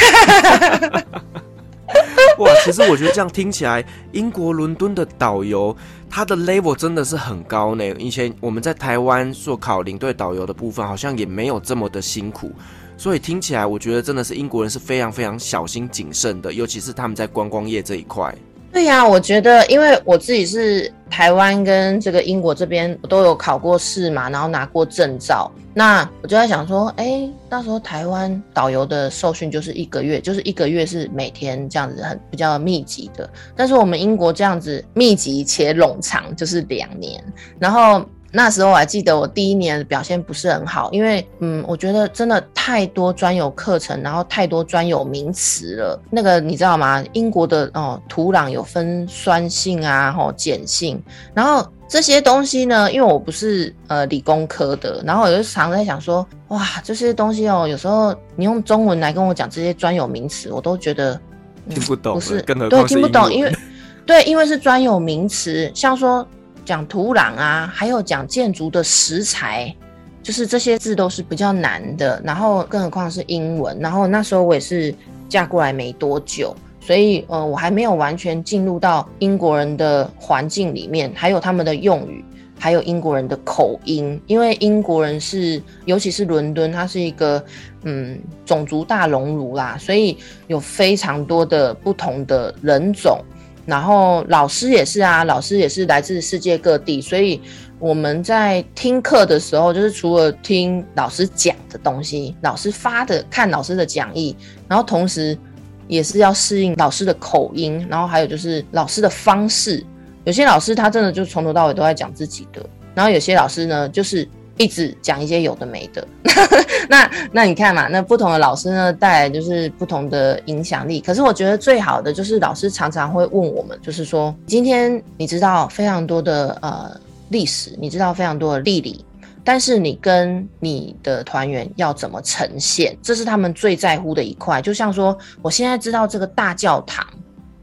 哇，其實我覺得這樣聽起來，英國倫敦的導遊他的 level 真的是很高呢。以前我們在台灣做考領隊導遊的部分，好像也沒有這麼的辛苦，所以聽起來我覺得真的是英國人是非常非常小心謹慎的，尤其是他們在觀光業這一塊。對呀、啊，我覺得，因為我自己是台灣跟這個英國這邊都有考過試嘛，然後拿過證照，那我就在想說，誒，那時候台灣導遊的受訓就是一個月，就是一個月是每天這樣子很比較密集的，但是我們英國這樣子密集且冗長，就是兩年，然後。那時候我還記得，我第一年的表現不是很好，因為嗯，我覺得真的太多專有課程，然後太多專有名詞了。那個你知道嗎？英國的哦，土壤有分酸性啊，吼、哦、鹼性，然後這些東西呢，因為我不是呃理工科的，然後我就常在想說，哇，這些東西哦，有時候你用中文來跟我講這些專有名詞，我都覺得、嗯、聽不懂，不是，是對聽不懂，因為對，因為是專有名詞，像說。講土壤啊，還有講建築的石材，就是這些字都是比較難的。然後，更何況是英文。然後那時候我也是嫁過來沒多久，所以呃，我還沒有完全進入到英國人的環境裡面，還有他們的用語，還有英國人的口音。因為英國人是，尤其是倫敦，它是一個嗯種族大熔爐啦，所以有非常多的不同的人種。然後老師也是啊，老師也是來自世界各地，所以我們在聽課的時候，就是除了聽老師講的東西，老師發的、看老師的講義，然後同時也是要適應老師的口音，然後還有就是老師的方式。有些老師他真的就從頭到尾都在講自己的，然後有些老師呢，就是。一直講一些有的沒的 那，那那你看嘛，那不同的老師呢，帶來就是不同的影響力。可是我覺得最好的就是老師常常會問我們，就是說今天你知道非常多的呃歷史，你知道非常多的地理，但是你跟你的團員要怎麼呈現，這是他們最在乎的一塊。就像說，我現在知道這個大教堂，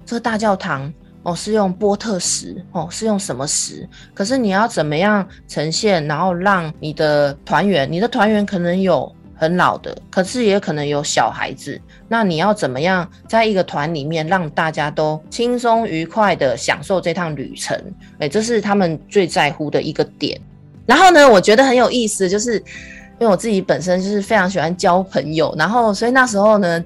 這個大教堂。哦，是用波特石，哦，是用什麼石？可是你要怎麼樣呈現，然後讓你的團員，你的團員可能有很老的，可是也可能有小孩子，那你要怎麼樣在一個團裡面讓大家都輕鬆愉快的享受這趟旅程？誒、欸，這是他們最在乎的一個點。然後呢，我覺得很有意思，就是因為我自己本身就是非常喜歡交朋友，然後所以那時候呢。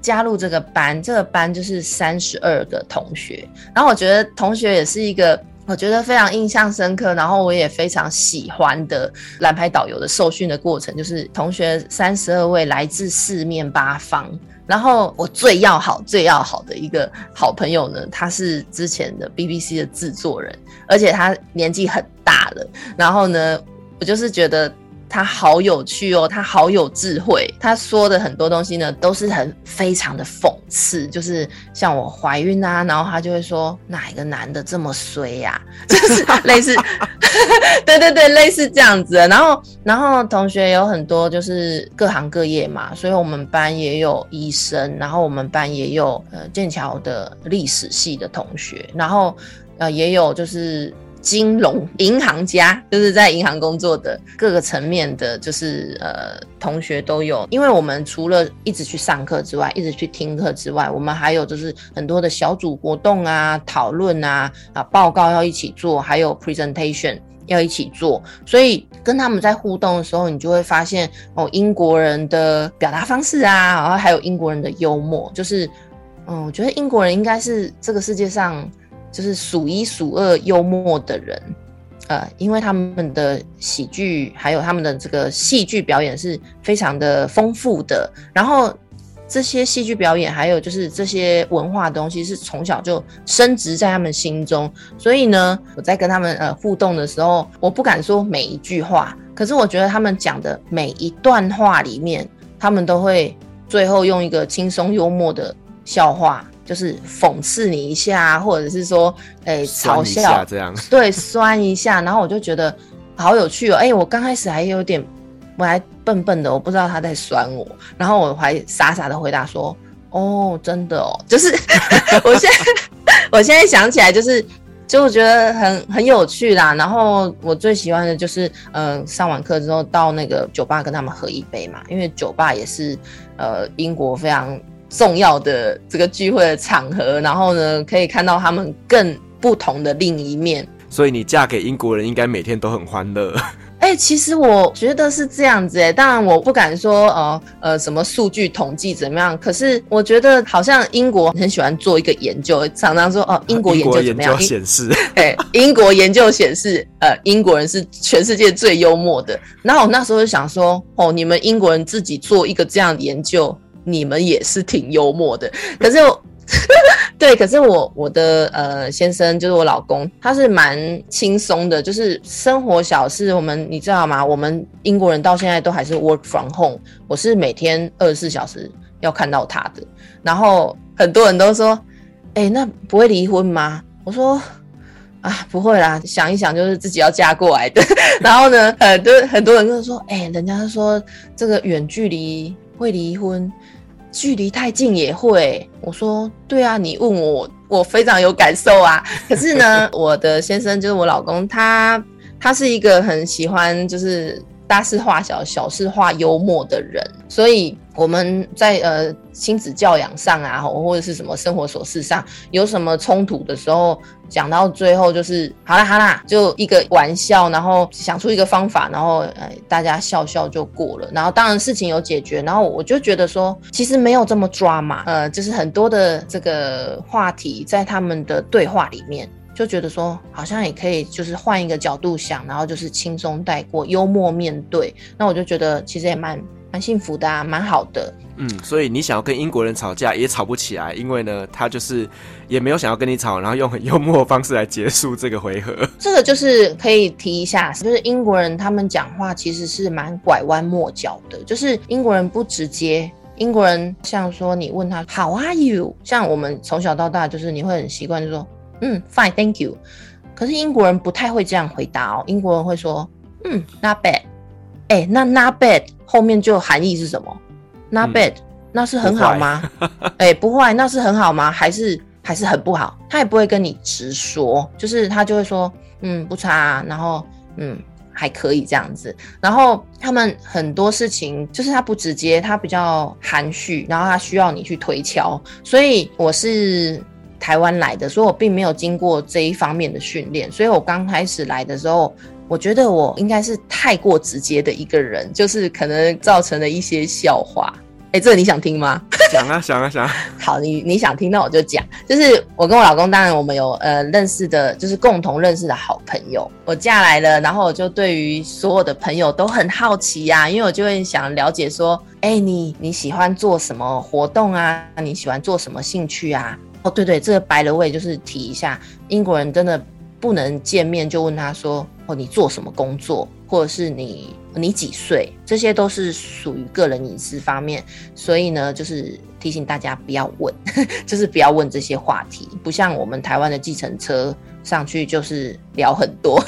加入這個班，這個班就是三十二個同學。然後我覺得同學也是一個，我覺得非常印象深刻。然後我也非常喜歡的藍牌導遊的受訓的過程，就是同學三十二位來自四面八方。然後我最要好、最要好的一個好朋友呢，他是之前的 BBC 的製作人，而且他年紀很大了。然後呢，我就是覺得。他好有趣哦，他好有智慧。他說的很多東西呢，都是很非常的諷刺，就是像我懷孕啊，然後他就會說哪一個男的這麼衰呀？啊，就是類似， 對對對，類似這樣子。然後，然後同學有很多就是各行各業嘛，所以我們班也有醫生，然後我們班也有呃劍橋的歷史系的同學，然後呃也有就是。金融銀行家就是在銀行工作的各個層面的，就是呃，同學都有。因為我們除了一直去上課之外，一直去聽課之外，我們還有就是很多的小組活動啊、討論啊、啊報告，要一起做，還有 presentation 要一起做。所以跟他們在互動的時候，你就會發現哦，英國人的表達方式啊，然後還有英國人的幽默，就是嗯，我覺得英國人應該是這個世界上，就是數一數二幽默的人，呃，因為他們的喜劇還有他們的這個戲劇表演是非常的豐富的。然後這些戲劇表演還有就是這些文化的東西是從小就深植在他們心中。所以呢，我在跟他們呃互動的時候，我不敢說每一句話，可是我覺得他們講的每一段話裡面，他們都會最後用一個輕鬆幽默的笑話。就是諷刺你一下，或者是說，哎、欸，酸 嘲笑這樣，對，酸一下。然後我就覺得好有趣哦。哎、 欸，我剛開始還有點，我還笨笨的，我不知道他在酸我。然後我還傻傻的回答說：“哦，真的哦。”就是 我現在，我現在想起來就是，就我覺得很很有趣啦。然後我最喜歡的就是，嗯、呃，上完課之後到那個酒吧跟他們喝一杯嘛，因為酒吧也是，呃，英國非常。重要的這個聚會的場合，然後呢，可以看到他們更不同的另一面。所以你嫁給英國人，應該每天都很歡樂。欸，其實我覺得是這樣子欸，當然我不敢說呃呃什麼數據統計怎麼樣，可是我覺得好像英國很喜歡做一個研究，常常說哦，英國研究怎麼樣？顯示，呃，英國研究顯示，欸，英國研究顯示，呃，英國人是全世界最幽默的。然後我那時候就想說哦，你們英國人自己做一個這樣的研究。你們也是挺幽默的，可是我 對，可是我我的呃先生就是我老公，他是蠻輕鬆的，就是生活小事。我們你知道嗎？我們英國人到現在都還是 work from home，我是每天二十四小時要看到他的。然後很多人都說，哎、欸，那不會離婚嗎？我說啊，不會啦，想一想就是自己要嫁過來的。 然後呢，呃，就很多人就說，哎、欸，人家說這個遠距離會離婚。距離太近也會，我說對啊，你問我，我非常有感受啊。可是呢， 我的先生就是我老公，他他是一個很喜歡就是。大事化小，小事化幽默的人，所以我們在呃親子教養上啊，或者是什麼生活瑣事上有什麼衝突的時候，講到最後就是好啦好啦，就一個玩笑，然後想出一個方法，然後呃、哎，大家笑笑就過了，然後當然事情有解決，然後我就覺得說其實沒有這麼 drama 嘛，呃，就是很多的這個話題在他們的對話裡面。就覺得說好像也可以，就是換一個角度想，然後就是輕鬆帶過，幽默面對。那我就覺得其實也蠻蠻幸福的啊，蠻好的。嗯，所以你想要跟英國人吵架也吵不起來，因為呢，他就是也沒有想要跟你吵，然後用很幽默的方式來結束這個回合。這個就是可以提一下，就是英國人他們講話其實是蠻拐彎抹角的，就是英國人不直接。英國人像說你問他 How are you，像我們從小到大就是你會很習慣就說。嗯，Fine，Thank you。可是英國人不太會這樣回答哦。英國人會說，嗯，Not bad。哎、欸，那 Not bad 後面就有含義是什麼？Not bad、嗯、那是很好嗎？哎不壞、 欸，不壞，那是很好嗎？還是還是很不好？他也不會跟你直說，就是他就會說，嗯，不差啊，然後嗯，還可以這樣子。然後他們很多事情就是他不直接，他比較含蓄，然後他需要你去推敲。所以我是。台灣來的，所以我並沒有經過這一方面的訓練，所以我剛開始來的時候，我覺得我應該是太過直接的一個人，就是可能造成了一些笑話。哎，這個你想聽嗎？想啊，想啊，想。好，你你想聽，那我就講。就是我跟我老公，當然我們有呃認識的，就是共同認識的好朋友。我嫁來了，然後我就對於所有的朋友都很好奇呀，因為我就會想了解說，哎，你你喜歡做什麼活動啊？你喜歡做什麼興趣啊？哦，對對，這個 by the way 就是提一下，英國人真的不能見面就問他說：“哦，你做什麼工作，或者是你你幾歲？”這些都是屬於個人隱私方面，所以呢，就是。提醒大家不要問呵呵，就是不要問這些話題。不像我們台灣的計程車上去就是聊很多，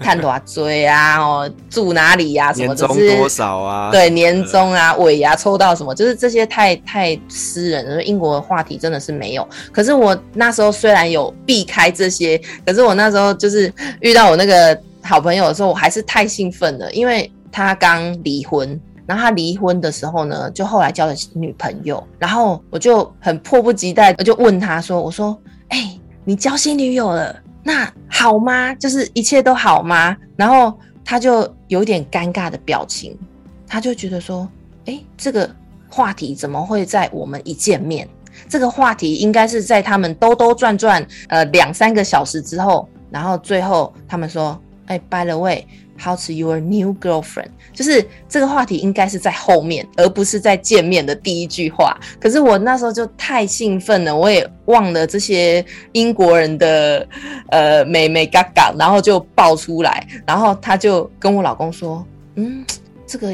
探 多嘴啊，哦，住哪裡呀、啊？什麼、就是，年終多少啊？對，年終啊，嗯、尾牙，抽到什麼？就是這些太太私人了，英國的話題真的是沒有。可是我那時候雖然有避開這些，可是我那時候就是遇到我那個好朋友的時候，我還是太興奮了，因為他剛離婚。然後他離婚的時候呢，就後來交了女朋友，然後我就很迫不及待，我就問他說：“我說，哎、欸，你交新女友了，那好嗎？就是一切都好嗎？”然後他就有點尷尬的表情，他就覺得說：“哎、欸，這個話題怎麼會在我們一見面？這個話題應該是在他們兜兜轉轉呃兩三個小時之後，然後最後他們說：‘哎、欸，by the way。’” How's your new girlfriend？就是這個話題應該是在後面，而不是在見面的第一句話。可是我那時候就太興奮了，我也忘了這些英國人的呃，眉眉角角，然後就爆出來。然後她就跟我老公說：“嗯，這個。”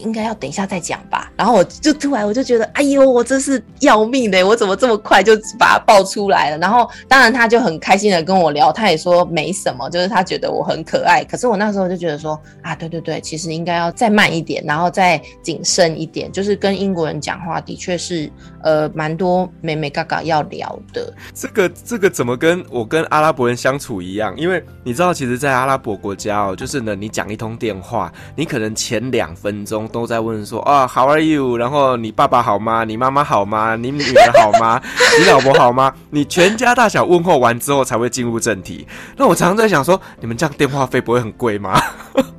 應該要等一下再講吧。然後我就突然我就覺得，哎呦，我真是要命的、欸、我怎麼這麼快就把它爆出來了？然後當然他就很開心的跟我聊，他也說沒什麼，就是他覺得我很可愛。可是我那時候就覺得說，啊，對對對，其實應該要再慢一點，然後再謹慎一點。就是跟英國人講話的，的確是呃蠻多眉眉角角要聊的。這個這個怎麼跟我跟阿拉伯人相處一樣？因為你知道，其實，在阿拉伯國家哦、喔，就是呢，你講一通電話，你可能前兩分鐘。都在問說啊，How are you？然後你爸爸好嗎？你媽媽好嗎？你女兒好嗎？ 你老婆好嗎？你全家大小問候完之後才會進入正題。那我常常在想說，你們這樣電話費不會很貴嗎？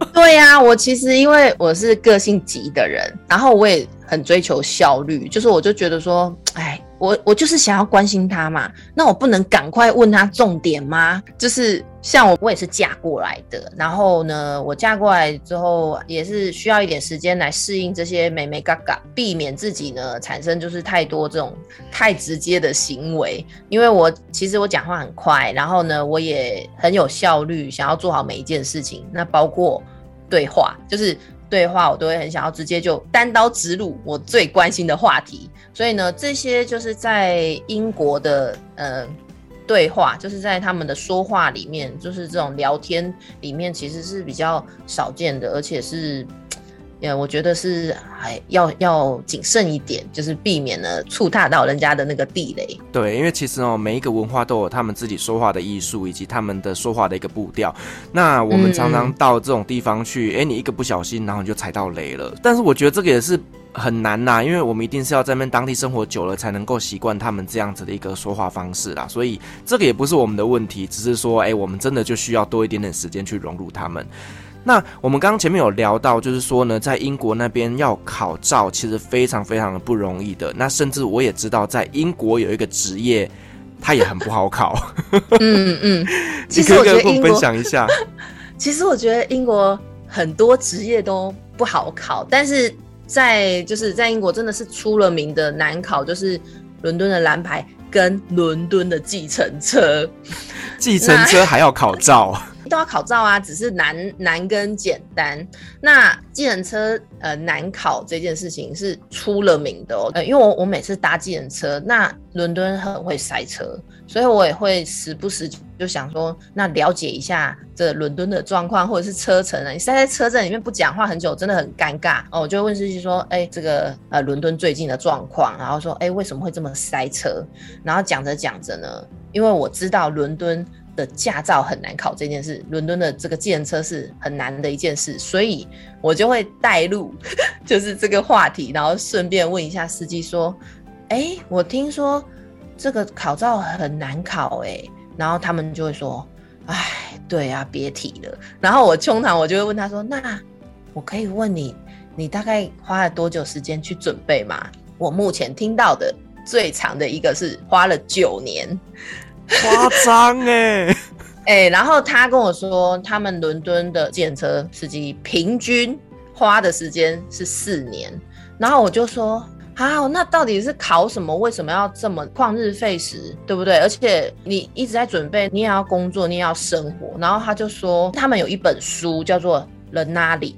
對呀，啊，我其實因為我是個性急的人，然後我也很追求效率，就是我就覺得說，哎。我我就是想要關心他嘛,那我不能趕快問他重點嗎？就是像我，我也是嫁過來的，然後呢，我嫁過來之後也是需要一點時間來適應這些眉眉角角，避免自己呢產生就是太多這種太直接的行為，因為我其實我講話很快，然後呢，我也很有效率，想要做好每一件事情，那包括對話就是。對話我都會很想要直接就單刀直入，我最關心的話題，所以呢，這些就是在英國的，呃，對話，就是在他們的說話裡面，就是這種聊天裡面，其實是比較少見的，而且是。也、yeah，我覺得是還要要謹慎一點，就是避免了觸踏到人家的那個地雷。對，因為其實哦，每一個文化都有他們自己說話的藝術，以及他們的說話的一個步調。那我們常常到這種地方去，哎、嗯嗯，你一個不小心，然後你就踩到雷了。但是我覺得這個也是很難吶、啊，因為我們一定是要在那邊當地生活久了，才能夠習慣他們這樣子的一個說話方式啦。所以這個也不是我們的問題，只是說，哎，我們真的就需要多一點點時間去融入他們。那我們剛剛前面有聊到，就是說呢，在英國那邊要考照其實非常非常的不容易的。那甚至我也知道，在英國有一個職業，它也很不好考 嗯。嗯嗯，你可以跟我們分享一下？其實我覺得英國很多職業都不好考，但是在就是在英國真的是出了名的難考，就是倫敦的藍牌跟倫敦的計程車。計 程車還要考照？都要考照啊，只是難難跟簡單。那計程車呃難考這件事情是出了名的哦。呃、因為我我每次搭計程車，那倫敦很會塞車，所以我也會時不時就想說，那了解一下這倫敦的狀況或者是車程啊。你塞在車陣裡面不講話很久，真的很尷尬哦。我就問司機說：“哎、欸，這個呃倫敦最近的狀況？”然後說：“哎、欸，為什麼會這麼塞車？”然後講着講着呢，因為我知道倫敦的駕照很難考這件事，倫敦的這個計程車是很難的一件事，所以我就會帶入 就是這個話題，然後順便問一下司機說：“哎、欸，我聽說這個考照很難考，哎。”然後他們就會說：“哎，對啊，別提了。”然後我通常我就會問他說：“那我可以問你，你大概花了多久時間去準備嗎？”我目前聽到的最長的一個是花了九年。誇張！哎哎，然後他跟我說，他們倫敦的計程車司機平均花的時間是四年。然後我就說好，那到底是考什麼？為什麼要這麼曠日費時，對不對？而且你一直在準備，你也要工作，你也要生活。然後他就說，他們有一本書叫做《The Knowledge》，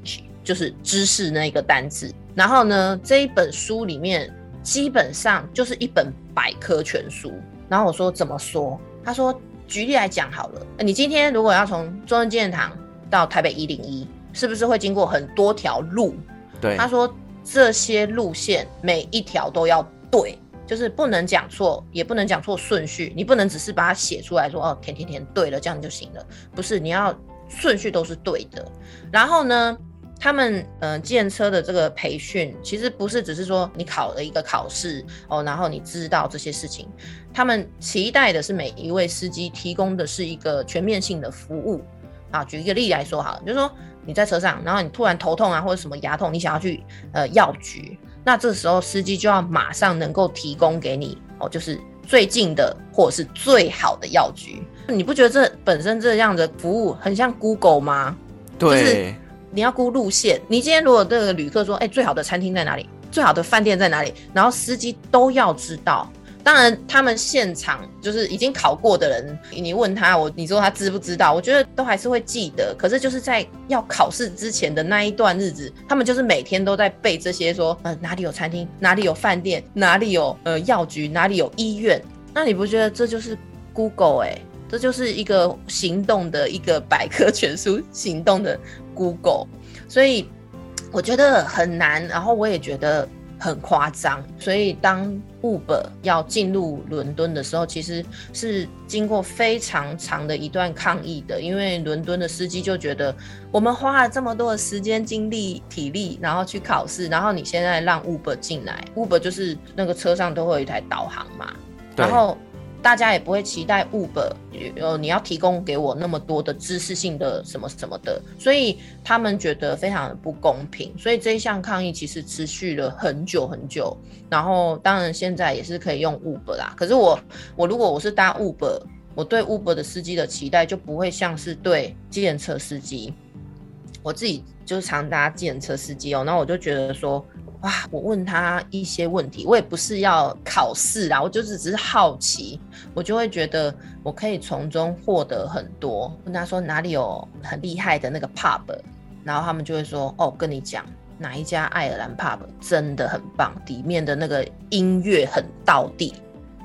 就是知識那個單詞。然後呢，這一本書裡面基本上就是一本百科全書。然後我說怎麼說？他說，舉例來講好了，你今天如果要從中正紀念堂到台北一零一，是不是會經過很多條路？對，他說這些路線每一條都要對，就是不能講錯，也不能講錯順序。你不能只是把它寫出來說哦，填填填對了，這樣就行了。不是，你要順序都是對的。然後呢？他們嗯、呃，建車的這個培訓其實不是只是說你考了一個考試哦，然後你知道這些事情。他們期待的是每一位司機提供的是一個全面性的服務啊。舉一個例來說好了，就是說你在車上，然後你突然頭痛啊，或者什麼牙痛，你想要去呃藥局，那這時候司機就要馬上能夠提供給你哦，就是最近的或者是最好的藥局。你不覺得這本身這樣的服務很像 Google 嗎？對。就是你要估路線，你今天如果這個旅客說：“哎、欸，最好的餐廳在哪裡？最好的飯店在哪裡？”然後司機都要知道。當然，他們現場就是已經考過的人，你問他，我你說他知不知道？我覺得都還是會記得。可是就是在要考試之前的那一段日子，他們就是每天都在背這些說：“呃，哪裡有餐廳？哪裡有飯店？哪裡有呃藥局？哪裡有醫院？”那你不覺得這就是 Google？哎、欸，這就是一個行動的一個百科全書，行動的。Google，所以我覺得很難，然後我也覺得很誇張。所以當 Uber 要進入倫敦的時候，其實是經過非常長的一段抗議的，因為倫敦的司機就覺得，我們花了這麼多的時間、精力、體力，然後去考試，然後你現在讓 Uber 進來，Uber 就是那個車上都會有一台導航嘛，對然後。大家也不會期待 Uber 你要提供給我那麼多的知識性的什麼什麼的，所以他們覺得非常的不公平。所以這一項抗議其實持續了很久很久。然後當然現在也是可以用 Uber 啦，可是我我如果我是搭 Uber，我對 Uber 的司機的期待就不會像是對計程車司機。我自己就是常搭計程車司機哦、喔，那我就覺得說。哇！我問他一些問題，我也不是要考試啦，我就是只是好奇，我就會覺得我可以從中獲得很多。問他說哪裡有很厲害的那個 pub，然後他們就會說：“哦，跟你講，哪一家愛爾蘭 pub 真的很棒，裡面的那個音樂很道地，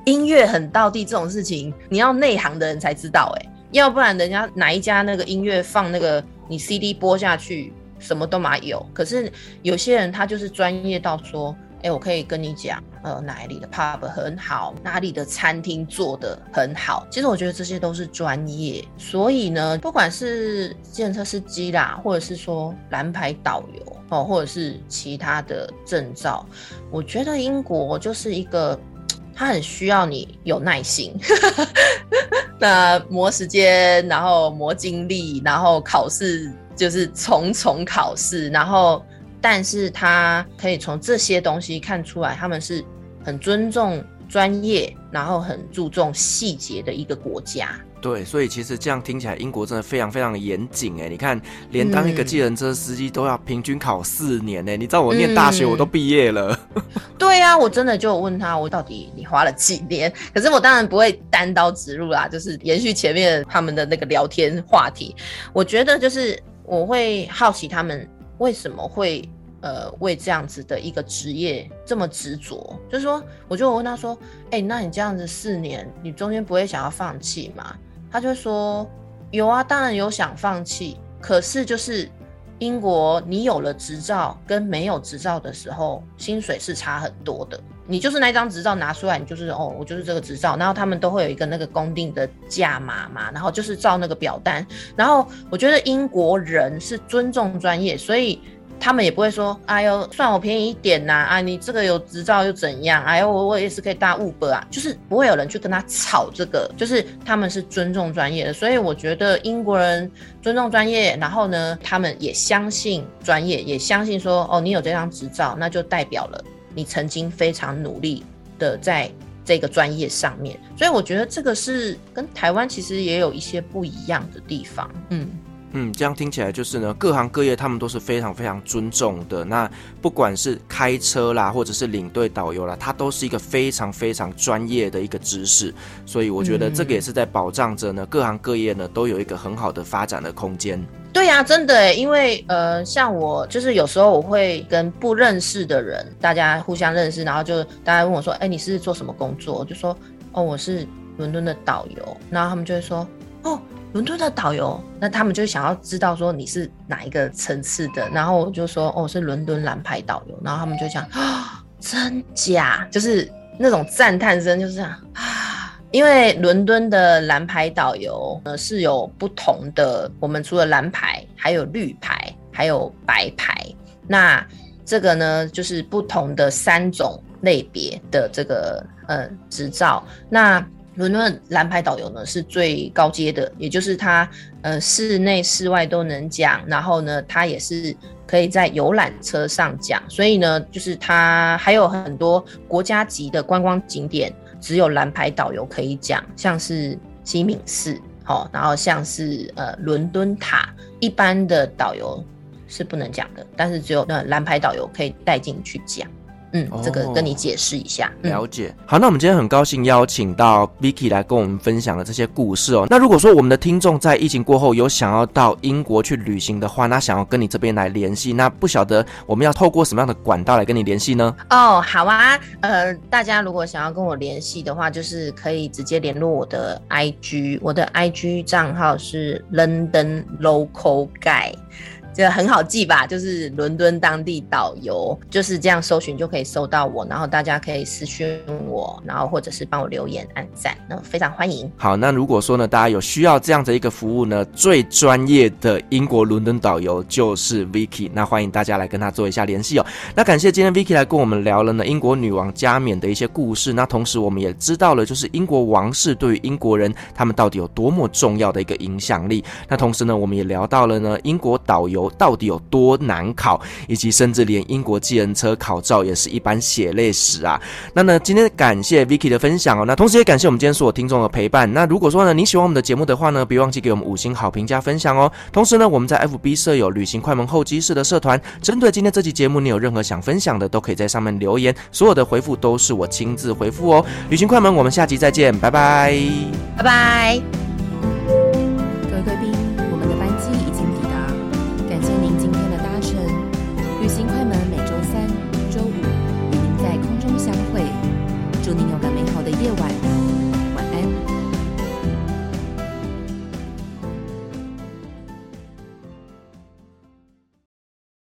音樂很道地這種事情，你要內行的人才知道誒、欸，要不然人家哪一家那個音樂放那個你 CD 播下去。”什麼都嘛有，可是有些人他就是專業到說，哎，我可以跟你講，呃，哪裡的 pub 很好，哪裡的餐廳做得很好。其實我覺得這些都是專業，所以呢，不管是計程車司機啦，或者是說藍牌導遊哦，或者是其他的證照，我覺得英國就是一個，他很需要你有耐心， 那磨時間，然後磨精力，然後考試。就是重重考試，然後，但是他可以從這些東西看出來，他們是很尊重專業，然後很注重細節的一個國家。對，所以其實這樣聽起來，英國真的非常非常嚴謹哎。你看，連當一個計程車司機都要平均考四年呢、欸。嗯、你知道我念大學我都畢業了。 對呀、啊，我真的就問他，我到底你花了幾年？可是我當然不會單刀直入啦，就是延續前面他們的那個聊天話題。我覺得就是。我會好奇他們為什麼會呃、為這樣子的一個職業這麼執着就是說，我就問他說，哎、欸，那你這樣子四年，你中間不會想要放棄嗎？他就說，有啊，當然有想放棄，可是就是英國你有了執照跟沒有執照的時候，薪水是差很多的。你就是那張執照拿出來，你就是哦，我就是這個執照。然後他們都會有一個那個公定的價碼嘛，然後就是照那個表單。然後我覺得英國人是尊重專業，所以他們也不會說，哎呦，算我便宜一點吶，啊，啊，你這個有執照又怎樣？哎呦，我我也是可以搭 Uber 啊，就是不會有人去跟他吵這個，就是他們是尊重專業的。所以我覺得英國人尊重專業，然後呢，他們也相信專業，也相信說，哦，你有這張執照，那就代表了。你曾經非常努力的在這個專業上面，所以我覺得這個是跟台灣其實也有一些不一樣的地方。嗯。嗯，這樣聽起來就是呢，各行各業他們都是非常非常尊重的。那不管是開車啦，或者是領隊導遊啦，他都是一個非常非常專業的一個知識。所以我覺得這個也是在保障着呢，嗯、各行各業呢都有一個很好的發展的空間。對呀，啊，真的耶，因為呃，像我就是有時候我會跟不認識的人，大家互相認識，然後就大家問我說：“哎，你是做什麼工作？”我就說：“哦，我是倫敦的導遊。”然後他們就會說：“哦。”倫敦的導遊，那他們就想要知道說你是哪一個層次的，然後我就說哦，是倫敦藍牌導遊，然後他們就講啊真假，就是那種讚嘆聲就是這樣啊，因為倫敦的藍牌導遊是有不同的，我們除了藍牌還有綠牌還有白牌，那這個呢就是不同的三種類別的這個呃執照，那。倫敦藍牌導遊呢是最高階的，也就是他呃室內室外都能講，然後呢他也是可以在遊覽車上講，所以呢就是他還有很多國家級的觀光景點只有藍牌導遊可以講，像是西敏寺，好、哦，然後像是呃倫敦塔，一般的導遊是不能講的，但是只有那藍牌導遊可以帶進去講。嗯，哦、這個跟你解釋一下。嗯、了解。好，那我們今天很高興邀請到 Vicky 來跟我們分享的這些故事哦。那如果說我們的聽眾在疫情過後有想要到英國去旅行的話，那想要跟你這邊來聯繫，那不曉得我們要透過什麼樣的管道來跟你聯繫呢？哦，好啊。呃，大家如果想要跟我聯繫的話，就是可以直接聯絡我的 IG，我的 IG 賬號是 London Local Guide 這個很好記吧，就是倫敦當地導遊，就是這樣搜尋就可以搜到我，然後大家可以私訊我，然後或者是幫我留言、按讚，那非常歡迎。好，那如果說呢，大家有需要這樣的一個服務呢，最專業的英國倫敦導遊就是 Vicky，那歡迎大家來跟他做一下聯繫哦。那感謝今天 Vicky 來跟我們聊了呢英國女王加冕的一些故事，那同時我們也知道了，就是英國王室對於英國人他們到底有多麼重要的一個影響力。那同時呢，我們也聊到了呢英國導遊。到底有多難考，以及甚至連英國計程車考照也是一般血淚史啊！那呢，今天感謝 Vicky 的分享哦，那同時也感謝我們今天所有聽眾的陪伴。那如果說呢，你喜歡我們的節目的話呢，別忘記給我們五星好評加分享哦。同時呢，我們在 FB 設有“旅行快門候機室”的社團，針對今天這期節目，你有任何想分享的，都可以在上面留言，所有的回覆都是我親自回覆哦。旅行快門，我們下期再見，拜拜，拜拜。各位